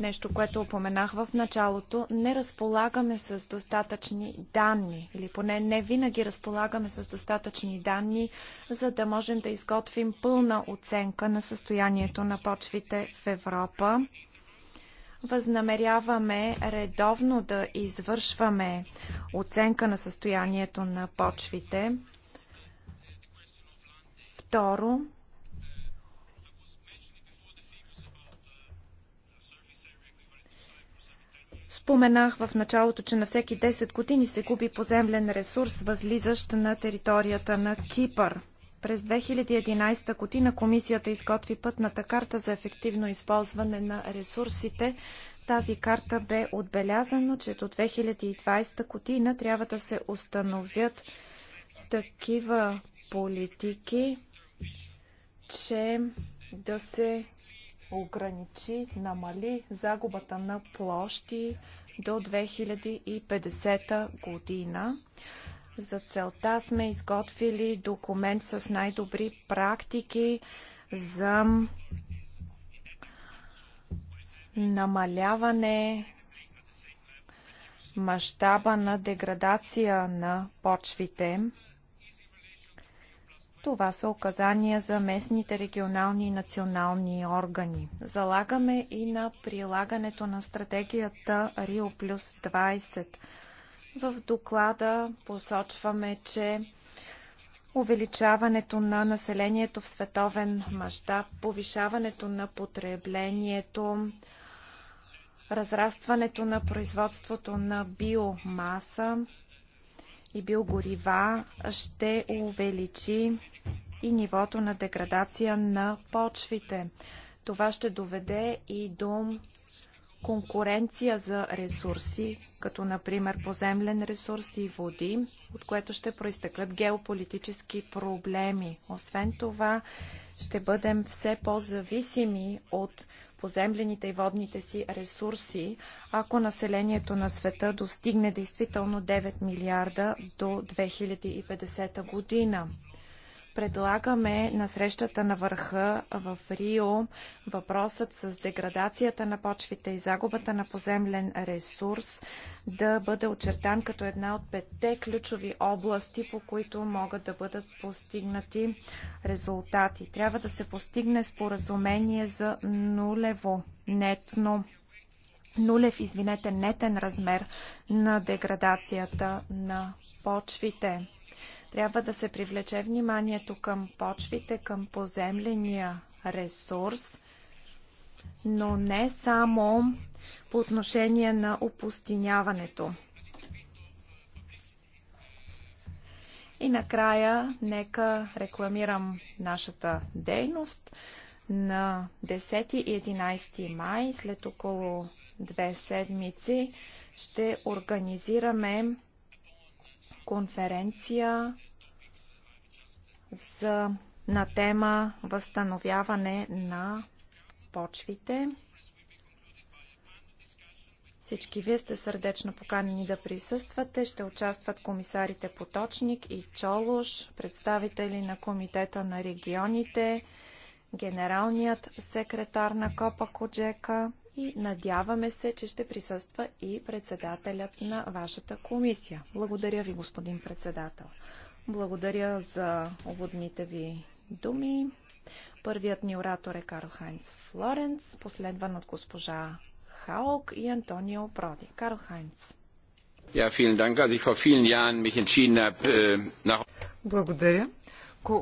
нещо, което упоменах в началото, не разполагаме с достатъчни данни, или поне не винаги разполагаме с достатъчни данни, за да можем да изготвим пълна оценка на състоянието на почвите в Европа. Възнамеряваме редовно да извършваме оценка на състоянието на почвите. Второ, Споменах в началото, че на всеки 10 години се губи поземлен ресурс, възлизащ на територията на Кипър. През 2011 година комисията изготви пътната карта за ефективно използване на ресурсите. Тази карта бе отбелязано, че до 2020 година трябва да се установят такива политики, че да се ограничи, намали загубата на площи до 2050 година. За целта сме изготвили документ с най-добри практики за намаляване мащаба на деградация на почвите. Това са указания за местните, регионални и национални органи. Залагаме и на прилагането на стратегията Рио плюс 20. В доклада посочваме, че увеличаването на населението в световен мащаб, повишаването на потреблението, разрастването на производството на биомаса, и биогорива ще увеличи и нивото на деградация на почвите. Това ще доведе и до конкуренция за ресурси, като например поземлен ресурс и води, от което ще проистъкат геополитически проблеми. Освен това, ще бъдем все по-зависими от поземлените и водните си ресурси, ако населението на света достигне действително 9 милиарда до 2050 година. Предлагаме на срещата на върха в Рио въпросът с деградацията на почвите и загубата на поземлен ресурс да бъде очертан като една от петте ключови области, по които могат да бъдат постигнати резултати. Трябва да се постигне споразумение за нулево нетно нулев, извинете, нетен размер на деградацията на почвите. Трябва да се привлече вниманието към почвите, към поземления ресурс, но не само по отношение на опустиняването. И накрая, нека рекламирам нашата дейност на 10 и 11 май, след около две седмици, ще организираме конференция за, на тема възстановяване на почвите. Всички вие сте сърдечно поканени да присъствате. Ще участват комисарите Поточник и Чолуш, представители на Комитета на регионите, генералният секретар на Копа Коджека, и надяваме се, че ще присъства и председателят на вашата комисия. Благодаря ви, господин председател. Благодаря за уводните ви думи. Първият ни оратор е Карл Хайнц Флоренц, последван от госпожа Хаук и Антонио Проди. Карл Хайнц. Äh, Благодаря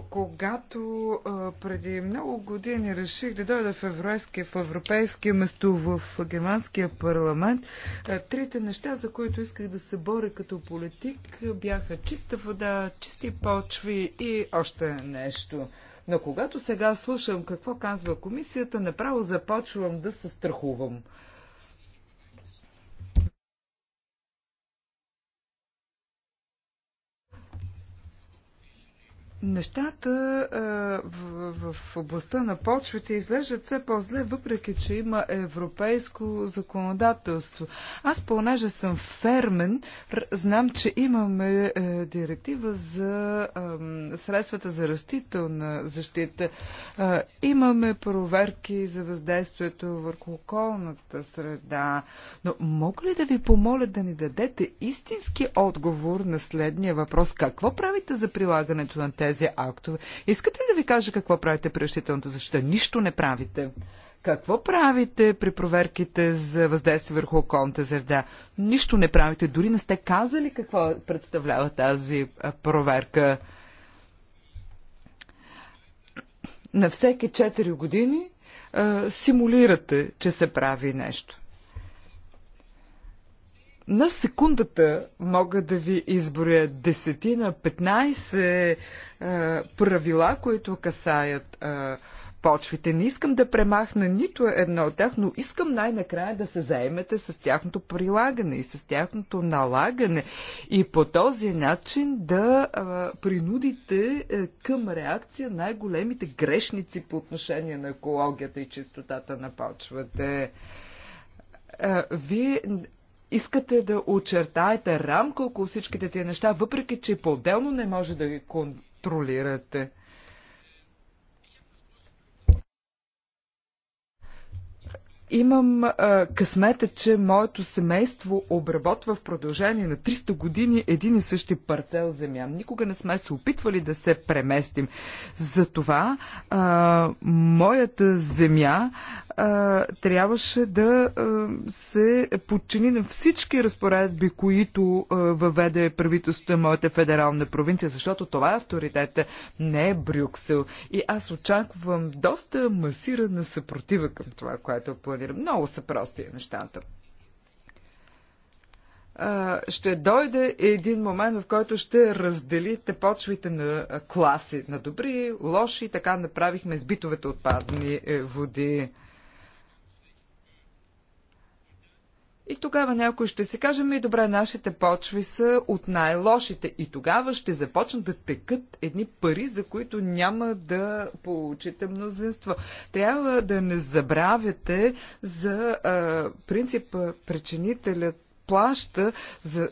когато а, преди много години реших да дойда в еврейския, в европейския место, в германския парламент, а, трите неща, за които исках да се боря като политик, бяха чиста вода, чисти почви и още нещо. Но когато сега слушам какво казва комисията, направо започвам да се страхувам. Нещата в, в областта на почвите изглеждат все по-зле, въпреки че има европейско законодателство. Аз, понеже съм фермен, знам, че имаме а, е, директива за а, средствата за растителна защита. А, имаме проверки за въздействието върху околната среда. Но мога ли да ви помоля да ни дадете истински отговор на следния въпрос? Какво правите за прилагането на тези? тези актове. Искате ли да ви кажа какво правите при решителната защита? Нищо не правите. Какво правите при проверките за въздействие върху околната среда? Нищо не правите. Дори не сте казали какво представлява тази проверка. На всеки 4 години а, симулирате, че се прави нещо на секундата мога да ви изборя десетина, 15 е, е, правила, които касаят е, почвите. Не искам да премахна нито едно от тях, но искам най-накрая да се заемете с тяхното прилагане и с тяхното налагане и по този начин да е, принудите е, към реакция най-големите грешници по отношение на екологията и чистотата на почвата. Е, вие искате да очертаете рамка около всичките тия неща, въпреки че по-отделно не може да ги контролирате. Имам а, късмета, че моето семейство обработва в продължение на 300 години един и същи парцел земя. Никога не сме се опитвали да се преместим. Затова а, моята земя а, трябваше да а, се подчини на всички разпоредби, които а, въведе правителството на моята федерална провинция, защото това е авторитета, не е Брюксел. И аз очаквам доста масирана съпротива към това, което планирам подразбира. Много са прости нещата. Ще дойде един момент, в който ще разделите почвите на класи, на добри, лоши. Така направихме с битовете отпадни е, води. И тогава някой ще си каже, ми добре, нашите почви са от най-лошите. И тогава ще започнат да текат едни пари, за които няма да получите мнозинство. Трябва да не забравяте за а, принципа причинителят плаща за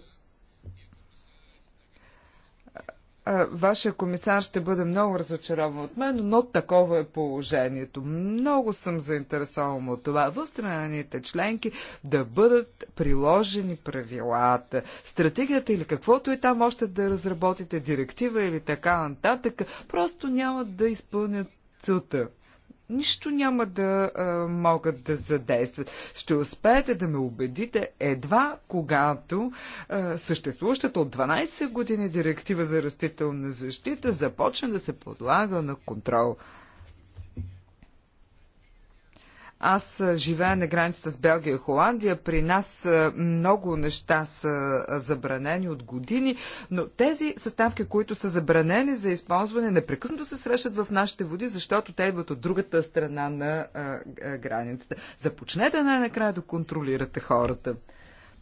Вашия комисар ще бъде много разочарован от мен, но такова е положението. Много съм заинтересован от това в страните членки да бъдат приложени правилата, стратегията или каквото и там още да разработите, директива или така нататък, просто няма да изпълнят целта нищо няма да а, могат да задействат. Ще успеете да ме убедите едва когато а, съществуващата от 12 години директива за растителна защита започне да се подлага на контрол. Аз живея на границата с Белгия и Холандия. При нас много неща са забранени от години, но тези съставки, които са забранени за използване, непрекъснато се срещат в нашите води, защото те идват от другата страна на границата. Започнете най-накрая да контролирате хората.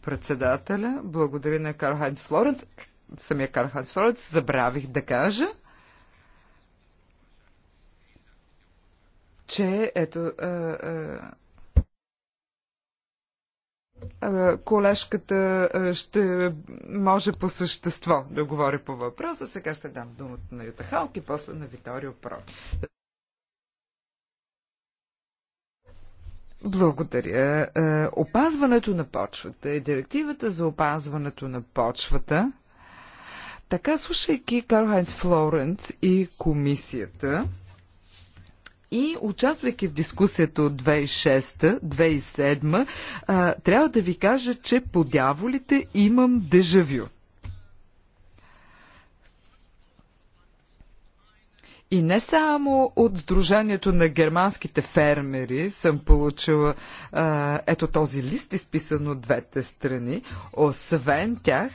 Председателя, благодаря на Карл Хайнц Флоренц. Самия Карл Хайнц Флоренц забравих да кажа – че ето, е, е, е, колежката ще може по същество да говори по въпроса. Сега ще дам думата на Юта Халк и после на Виторио Про. Благодаря. Опазването на почвата и директивата за опазването на почвата. Така, слушайки Карл Хайнц Флоренц и комисията, и участвайки в дискусията от 2006-2007, трябва да ви кажа, че по дяволите имам дежавю. И не само от Сдружението на германските фермери съм получила ето този лист, изписан от двете страни. Освен тях,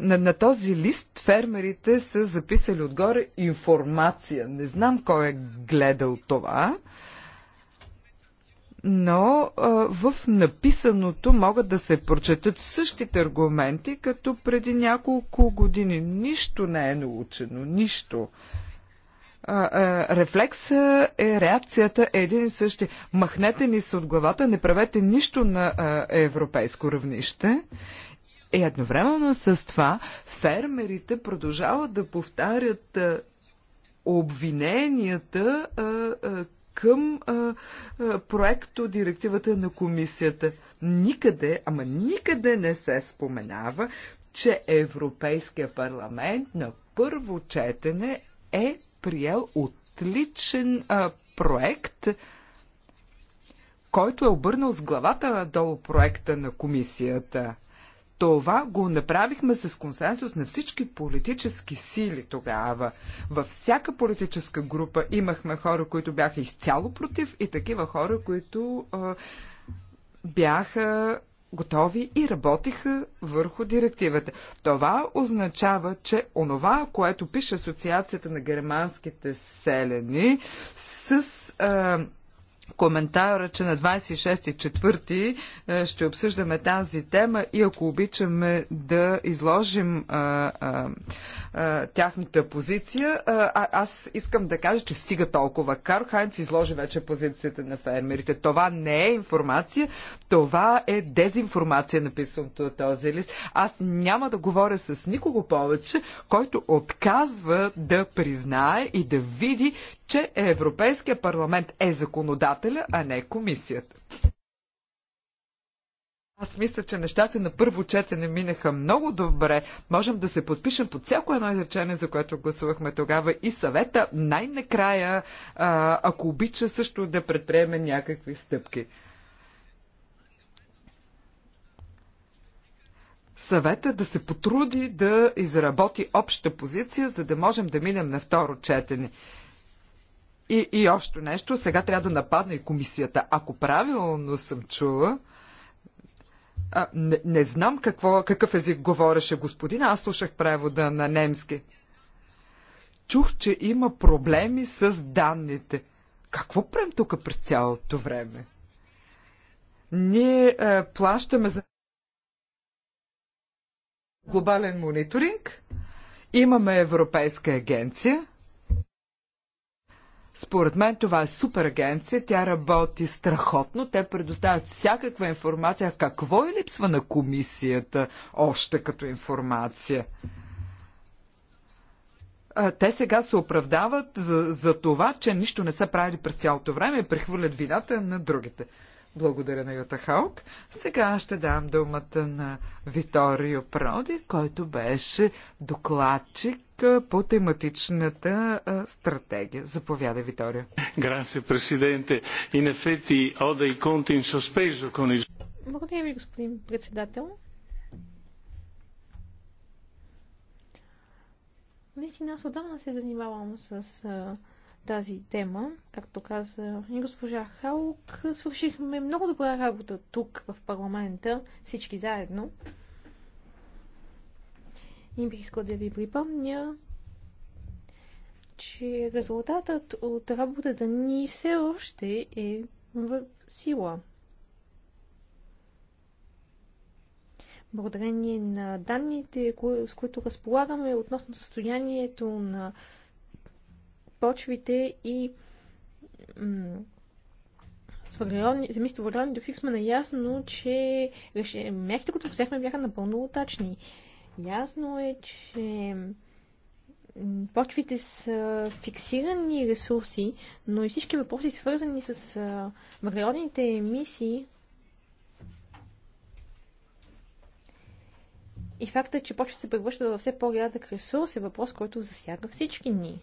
на, на този лист фермерите са записали отгоре информация. Не знам кой е гледал това, но а, в написаното могат да се прочетат същите аргументи, като преди няколко години. Нищо не е научено, нищо. А, а, рефлекса е реакцията е един и същи. Махнете ни се от главата, не правете нищо на а, европейско равнище и едновременно с това фермерите продължават да повтарят обвиненията към проекто директивата на комисията. Никъде, ама никъде не се споменава, че Европейския парламент на първо четене е приел отличен а, проект, който е обърнал с главата надолу проекта на комисията. Това го направихме с консенсус на всички политически сили тогава. Във всяка политическа група имахме хора, които бяха изцяло против и такива хора, които а, бяха готови и работиха върху директивата. Това означава, че онова, което пише Асоциацията на германските селени с а, коментара, че на 26 четвърти е, ще обсъждаме тази тема и ако обичаме да изложим а, а, а, тяхната позиция, а, аз искам да кажа, че стига толкова. Карл Хайнц изложи вече позицията на фермерите. Това не е информация, това е дезинформация, написаното от този лист. Аз няма да говоря с никого повече, който отказва да признае и да види, че Европейския парламент е законодателя, а не комисията. Аз мисля, че нещата на първо четене минаха много добре. Можем да се подпишем под всяко едно изречение, за което гласувахме тогава. И съвета най-накрая, ако обича също да предприеме някакви стъпки. съвета да се потруди да изработи обща позиция, за да можем да минем на второ четене. И, и още нещо, сега трябва да нападне и комисията. Ако правилно съм чула, а, не, не знам какво, какъв език говореше господина, аз слушах превода на немски. Чух, че има проблеми с данните. Какво правим тук през цялото време? Ние е, плащаме за глобален мониторинг, имаме Европейска агенция – според мен това е супер агенция, тя работи страхотно, те предоставят всякаква информация. Какво е липсва на комисията още като информация? те сега се оправдават за, за това, че нищо не са правили през цялото време и прехвърлят вината на другите. Благодаря на Юта Хаук. Сега ще дам думата на Виторио Проди, който беше докладчик по тематичната стратегия. Заповядай, Виторио. Грация, президенте. И на фети ода и конти ин Благодаря ви, господин председател. Наистина, аз отдавна се занимавам с тази тема. Както каза и госпожа Халк, свършихме много добра работа тук в парламента, всички заедно. И бих искала да ви припомня, че резултатът от работата ни все още е в сила. Благодарение на данните, с които разполагаме относно състоянието на почвите и с земите въглеродни доксид сме наясно, че мерките, които взехме, бяха напълно удачни. Ясно е, че почвите са фиксирани ресурси, но и всички въпроси, свързани с въглеродните емисии, и факта, че почвите се превръщат във все по-рядък ресурс е въпрос, който засяга всички ни.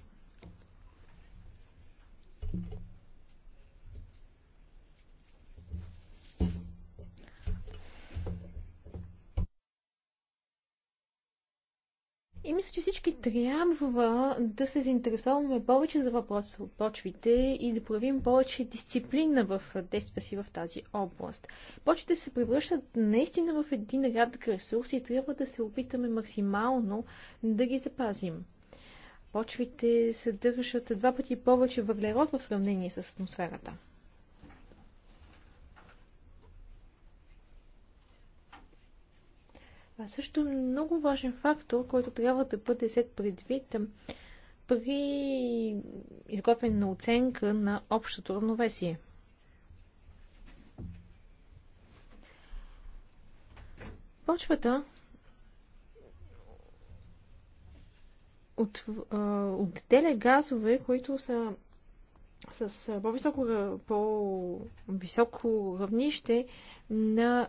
И мисля, че всички трябва да се заинтересуваме повече за въпроса от почвите и да проявим повече дисциплина в действията си в тази област. Почвите се превръщат наистина в един рядък ресурс и трябва да се опитаме максимално да ги запазим. Почвите съдържат два пъти повече въглерод в сравнение с атмосферата. А е също е много важен фактор, който трябва да бъде след предвид при изготвяне на оценка на общото равновесие. Почвата от, отделя газове, които са с по-високо, по-високо равнище на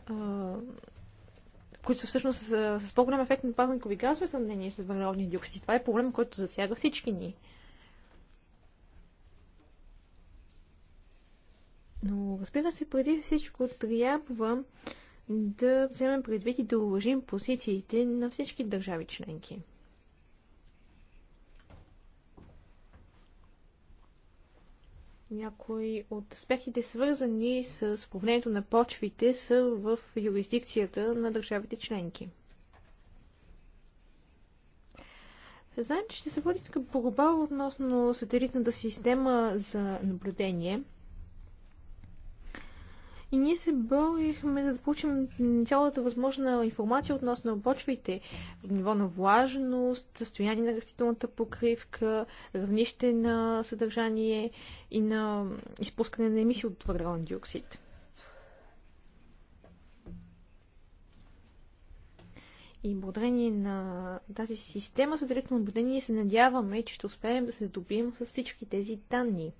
които са всъщност с, с по-голям ефект на пазникови газове, сравнение с въглеродни диоксиди. Това е проблем, който засяга всички ни. Но разбира се, преди всичко трябва да вземем предвид и да уважим позициите на всички държави членки. Някои от аспектите, свързани с повнението на почвите, са в юрисдикцията на държавите членки. Знаем, че ще се води борба относно сателитната система за наблюдение – и ние се борихме за да получим цялата възможна информация относно почвите, ниво на влажност, състояние на растителната покривка, равнище на съдържание и на изпускане на емисии от въглероден диоксид. И благодарение на тази система директно наблюдение се надяваме, че ще успеем да се здобием с всички тези данни.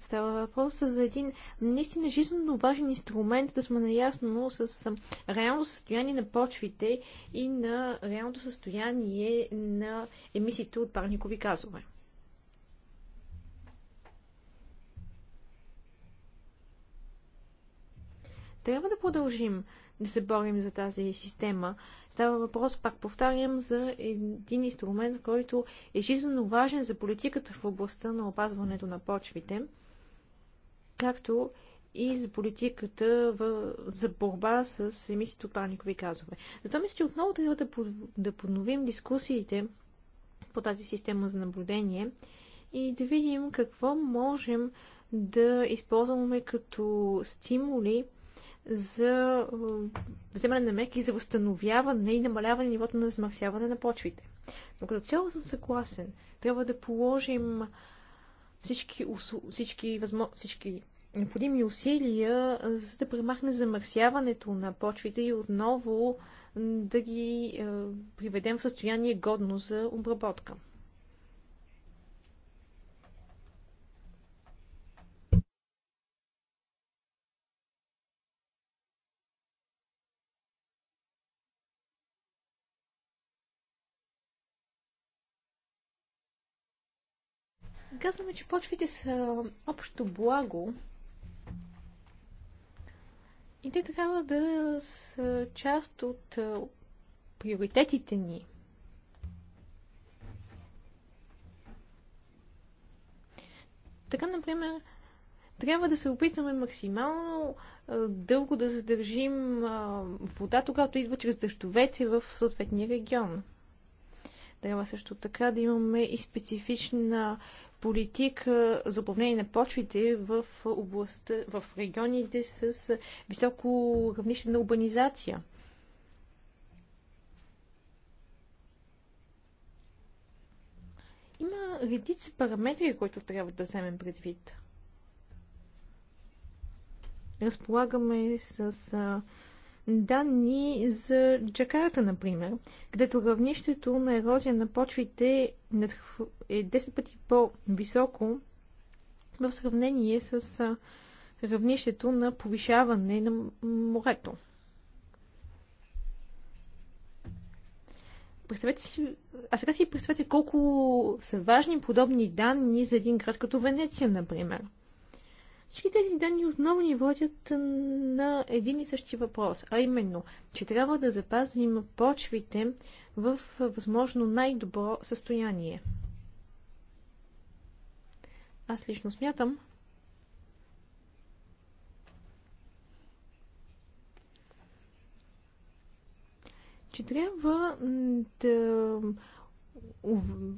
Става въпрос за един наистина жизненно важен инструмент да сме наясно с реално състояние на почвите и на реалното състояние на емисиите от парникови газове. Трябва да продължим да се борим за тази система. Става въпрос, пак повтарям, за един инструмент, който е жизненно важен за политиката в областта на опазването на почвите както и за политиката в, за борба с емисиите от парникови газове. Затова мисля, че отново трябва да, под, да подновим дискусиите по тази система за наблюдение и да видим какво можем да използваме като стимули за е, вземане на мерки за възстановяване и намаляване на нивото на замърсяване на почвите. Но като цяло съм съгласен. Трябва да положим всички, всички, възмо... всички необходими усилия, за да премахне замърсяването на почвите и отново да ги е, приведем в състояние годно за обработка. Казваме, че почвите са общо благо, и те трябва да са част от е, приоритетите ни. Така, например, трябва да се опитаме максимално е, дълго да задържим е, вода, когато идва чрез дъждовете в съответния регион. Трябва също така да имаме и специфична политика за управление на почвите в, областта, в регионите с високо равнище на урбанизация. Има редица параметри, които трябва да вземем предвид. Разполагаме с данни за Джакарта, например, където равнището на ерозия на почвите е 10 пъти по-високо в сравнение с равнището на повишаване на морето. Представете си, а сега си представете колко са важни подобни данни за един град като Венеция, например – всички тези данни отново ни водят на един и същи въпрос, а именно, че трябва да запазим почвите в възможно най-добро състояние. Аз лично смятам, че трябва да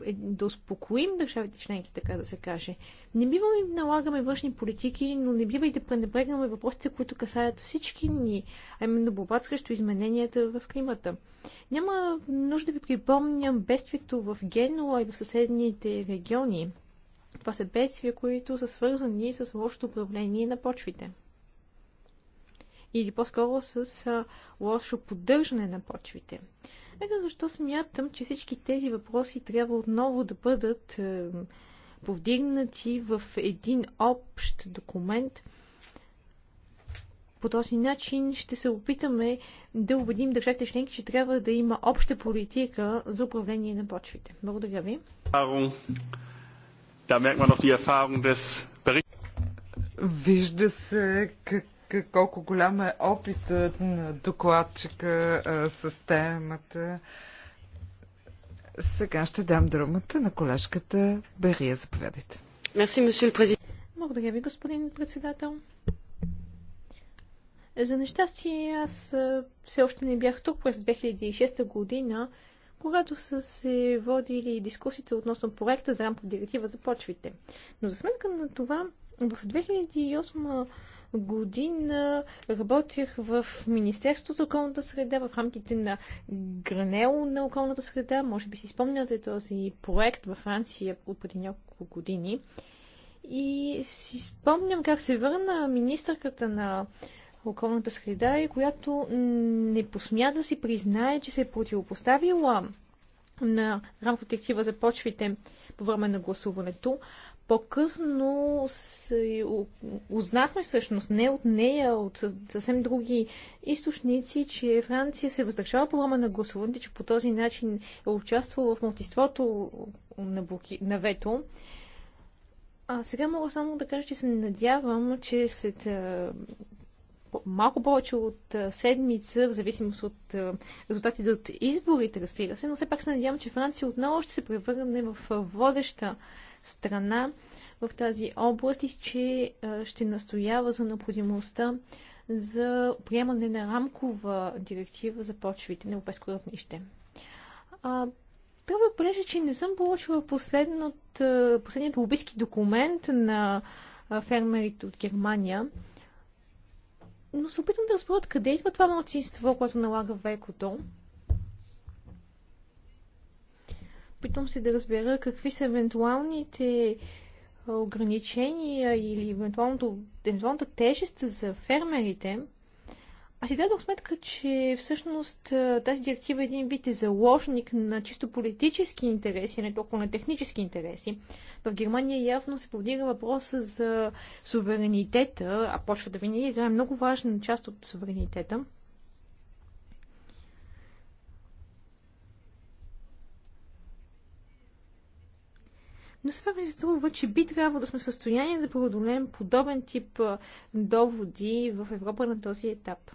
е, да успокоим държавите членки, така да се каже. Не бива да налагаме външни политики, но не бива и да пренебрегнаме въпросите, които касаят всички ни, а именно борбата срещу измененията в климата. Няма нужда да ви припомням бедствието в Генуа и в съседните региони. Това са бедствия, които са свързани с лошото управление на почвите. Или по-скоро с лошо поддържане на почвите. Ето защо смятам, че всички тези въпроси трябва отново да бъдат е, повдигнати в един общ документ. По този начин ще се опитаме да убедим държавите членки, че трябва да има обща политика за управление на почвите. Благодаря ви. Вижда се как колко голям е опитът на докладчика а, с темата. Сега ще дам думата на колежката Берия. Заповядайте. Благодаря ви, господин председател. За нещастие, аз все още не бях тук през 2006 година, когато са се водили дискусиите относно проекта за рамка директива за почвите. Но за сметка на това, в 2008 година работех в Министерството за околната среда в рамките на Гранел на околната среда. Може би си спомняте този проект във Франция от преди няколко години. И си спомням как се върна министърката на околната среда и която не посмя да си признае, че се е противопоставила на рамкова за почвите по време на гласуването, по-късно се... узнахме всъщност не от нея, от съвсем други източници, че Франция се въздържава по време на гласуването, че по този начин е участвала в мълтиството на, Буки... на вето. А сега мога само да кажа, че се надявам, че след малко повече от седмица, в зависимост от резултатите от изборите, разбира се, но все пак се надявам, че Франция отново ще се превърне в водеща страна в тази област и че ще настоява за необходимостта за приемане на рамкова директива за почвите на европейско равнище. Трябва да отбележа, че не съм получила последният, последният лобистки документ на фермерите от Германия, но се опитвам да разбера къде идва това мълчинство, което налага векото. Питам се да разбера какви са евентуалните ограничения или евентуалната тежест за фермерите. Аз си дадох сметка, че всъщност тази директива е един вид е заложник на чисто политически интереси, не толкова на технически интереси. В Германия явно се повдига въпроса за суверенитета, а почва да винаги играе много важна част от суверенитета. Но сега ми се струва, че би трябвало да сме в състояние да преодолеем подобен тип доводи в Европа на този етап.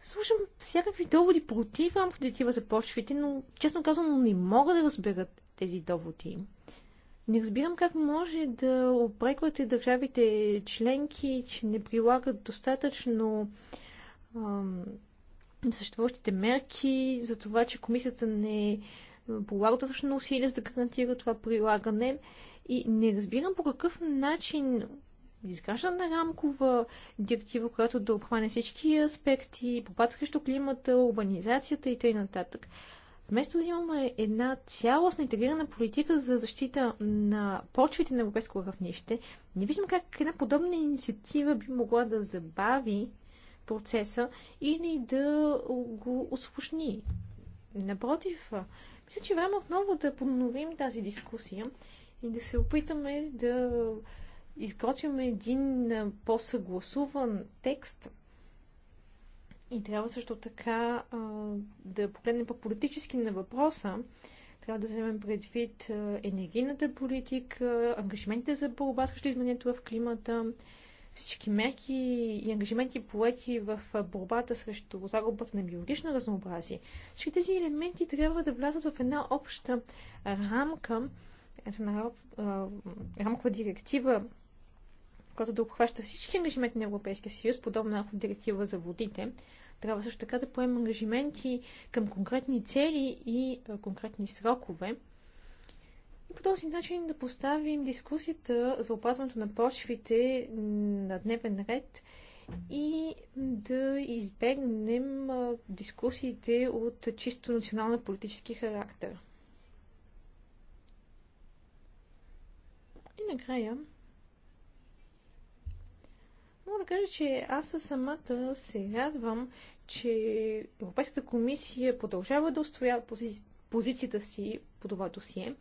Слушам всякакви доводи против рамките за почвите, но честно казвам, не мога да разберат тези доводи. Не разбирам как може да опреквате държавите членки, че не прилагат достатъчно ам, съществуващите мерки за това, че комисията не полагат достатъчно усилия за да гарантира това прилагане и не разбирам по какъв начин изгражда на рамкова директива, която да обхване всички аспекти, попад срещу климата, урбанизацията и т.н. Вместо да имаме една цялостна интегрирана политика за защита на почвите на европейско равнище, не виждам как една подобна инициатива би могла да забави процеса или да го осложни. Напротив, мисля, че време отново да подновим тази дискусия и да се опитаме да изготвим един по-съгласуван текст. И трябва също така а, да погледнем по-политически на въпроса. Трябва да вземем предвид енергийната политика, ангажиментите за борба срещу изменението в климата, всички мерки и ангажименти поети в борбата срещу загубата на биологично разнообразие. Всички тези елементи трябва да влязат в една обща рамка, една рамкова директива, която да обхваща всички ангажименти на Европейския съюз, подобна директива за водите. Трябва също така да поемем ангажименти към конкретни цели и конкретни срокове. По този начин да поставим дискусията за опазването на почвите на дневен ред и да избегнем дискусиите от чисто национално-политически характер. И накрая, мога да кажа, че аз самата се радвам, че Европейската комисия продължава да устоява пози... позицията си по това досие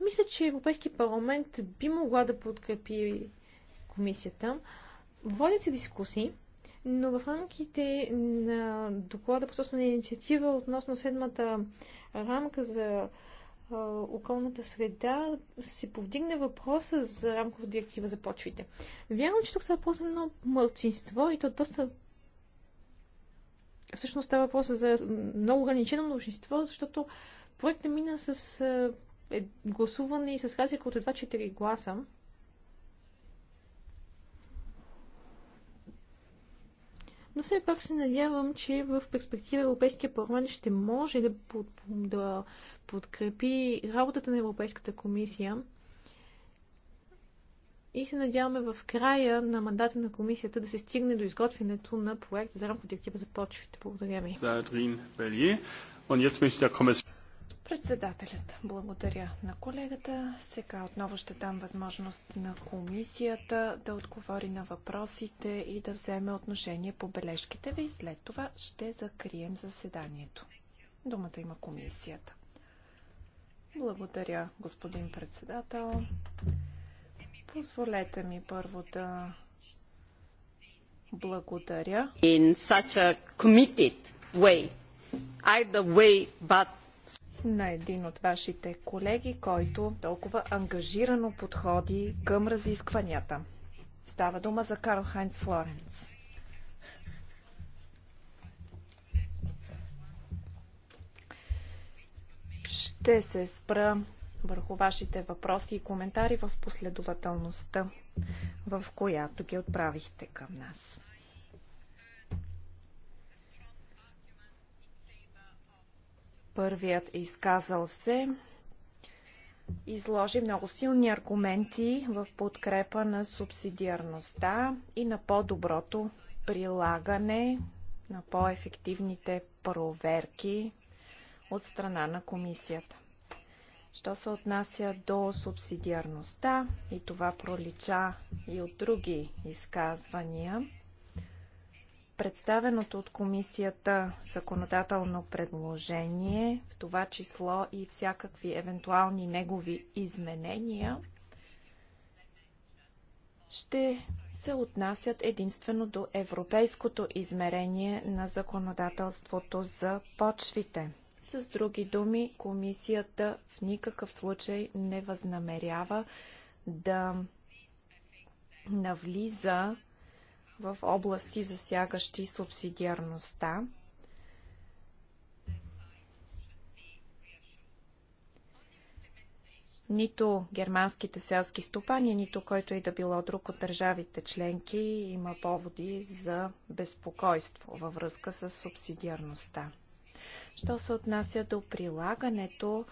мисля, че Европейски парламент би могла да подкрепи комисията. Водят се дискусии, но в рамките на доклада по собствена инициатива относно седмата рамка за околната среда се повдигне въпроса за рамкова директива за почвите. Вярвам, че тук става въпрос на мълцинство и то доста всъщност става въпрос за много ограничено множество, защото проектът мина с е и с разлика от 2-4 гласа. Но все пак се надявам, че в перспектива Европейския парламент ще може да, под, да подкрепи работата на Европейската комисия. И се надяваме в края на мандата на комисията да се стигне до изготвянето на проект за рамкова директива за почвите. Благодаря ви. Председателят, благодаря на колегата. Сега отново ще дам възможност на комисията да отговори на въпросите и да вземе отношение по бележките ви. След това ще закрием заседанието. Думата има комисията. Благодаря, господин председател. Позволете ми първо да благодаря. In such a committed way, either way, but на един от вашите колеги, който толкова ангажирано подходи към разискванията. Става дума за Карл Хайнц Флоренц. Ще се спра върху вашите въпроси и коментари в последователността, в която ги отправихте към нас. Първият изказал се изложи много силни аргументи в подкрепа на субсидиарността и на по-доброто прилагане на по-ефективните проверки от страна на комисията. Що се отнася до субсидиарността, и това пролича и от други изказвания, представеното от комисията законодателно предложение, в това число и всякакви евентуални негови изменения, ще се отнасят единствено до европейското измерение на законодателството за почвите. С други думи, комисията в никакъв случай не възнамерява да навлиза в области засягащи субсидиарността. Нито германските селски стопани, нито който и да било друг от държавите членки има поводи за безпокойство във връзка с субсидиарността. Що се отнася до прилагането,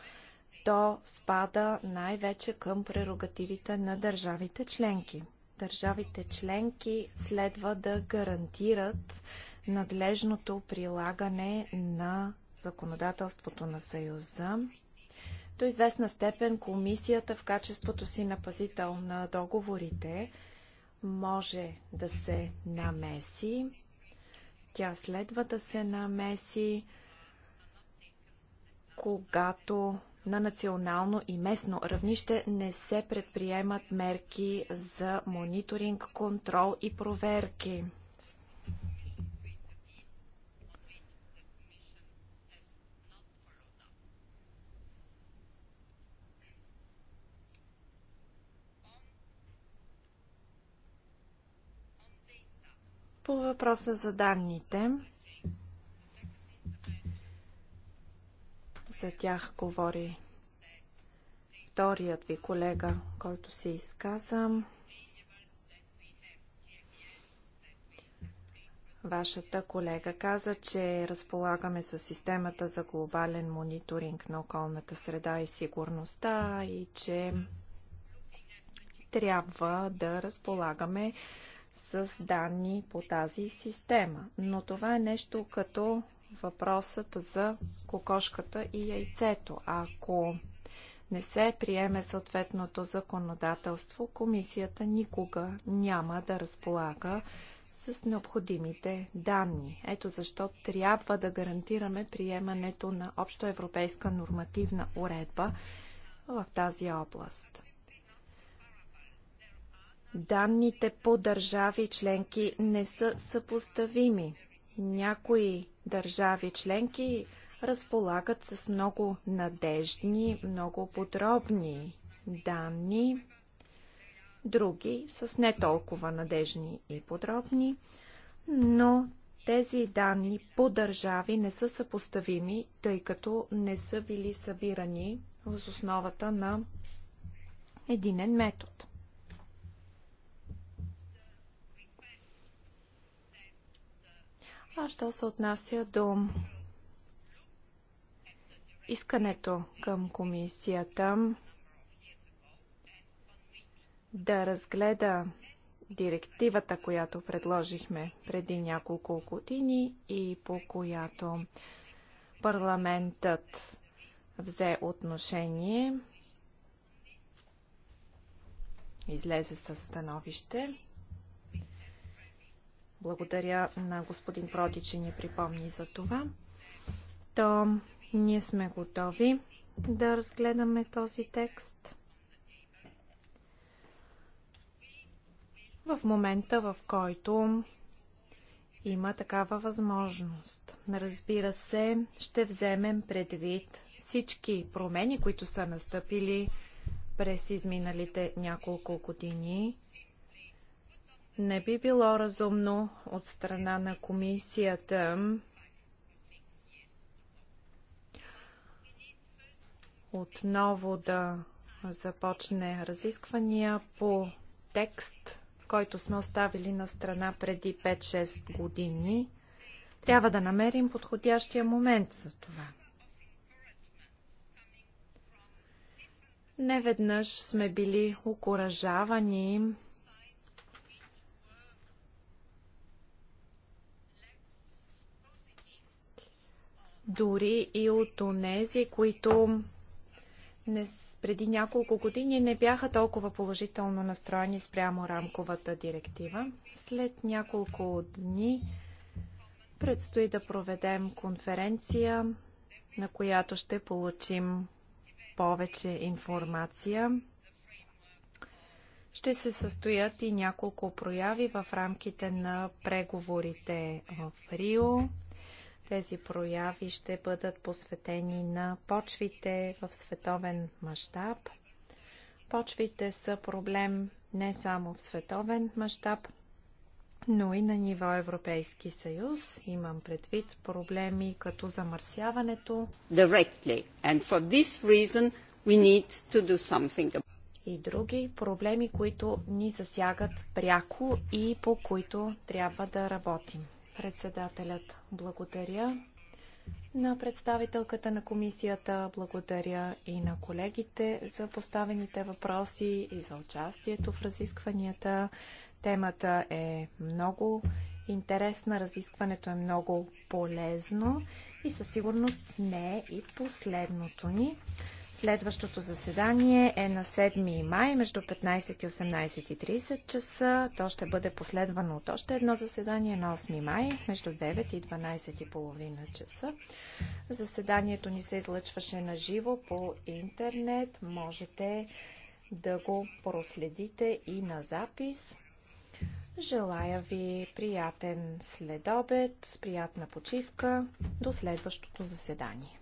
то спада най-вече към прерогативите на държавите членки държавите членки следва да гарантират надлежното прилагане на законодателството на Съюза. До известна степен комисията в качеството си на пазител на договорите може да се намеси. Тя следва да се намеси, когато на национално и местно равнище не се предприемат мерки за мониторинг, контрол и проверки. По въпроса за данните, За тях говори вторият ви колега, който се изказа. Вашата колега каза, че разполагаме с системата за глобален мониторинг на околната среда и сигурността и че трябва да разполагаме с данни по тази система. Но това е нещо като въпросът за кокошката и яйцето. Ако не се приеме съответното законодателство, комисията никога няма да разполага с необходимите данни. Ето защо трябва да гарантираме приемането на общоевропейска нормативна уредба в тази област. Данните по държави членки не са съпоставими. Някои държави членки разполагат с много надеждни, много подробни данни, други с не толкова надежни и подробни, но тези данни по държави не са съпоставими, тъй като не са били събирани в основата на единен метод. А що се отнася до искането към комисията да разгледа директивата, която предложихме преди няколко години и по която парламентът взе отношение, излезе със становище. Благодаря на господин Проди, че ни припомни за това. То ние сме готови да разгледаме този текст. В момента, в който има такава възможност. Разбира се, ще вземем предвид всички промени, които са настъпили през изминалите няколко години. Не би било разумно от страна на комисията отново да започне разисквания по текст, който сме оставили на страна преди 5-6 години. Трябва да намерим подходящия момент за това. Неведнъж сме били окоръжавани дори и от онези, които не, преди няколко години не бяха толкова положително настроени спрямо рамковата директива. След няколко дни предстои да проведем конференция, на която ще получим повече информация. Ще се състоят и няколко прояви в рамките на преговорите в Рио. Тези прояви ще бъдат посветени на почвите в световен мащаб. Почвите са проблем не само в световен мащаб, но и на ниво Европейски съюз. Имам предвид проблеми като замърсяването. And for this reason we need to do something about и други проблеми, които ни засягат пряко и по които трябва да работим. Председателят благодаря на представителката на комисията, благодаря и на колегите за поставените въпроси и за участието в разискванията. Темата е много интересна, разискването е много полезно и със сигурност не е и последното ни. Следващото заседание е на 7 май между 15 и 18.30 часа. То ще бъде последвано от още едно заседание на 8 май между 9 и 12.30 часа. Заседанието ни се излъчваше на живо по интернет. Можете да го проследите и на запис. Желая ви приятен следобед, приятна почивка. До следващото заседание.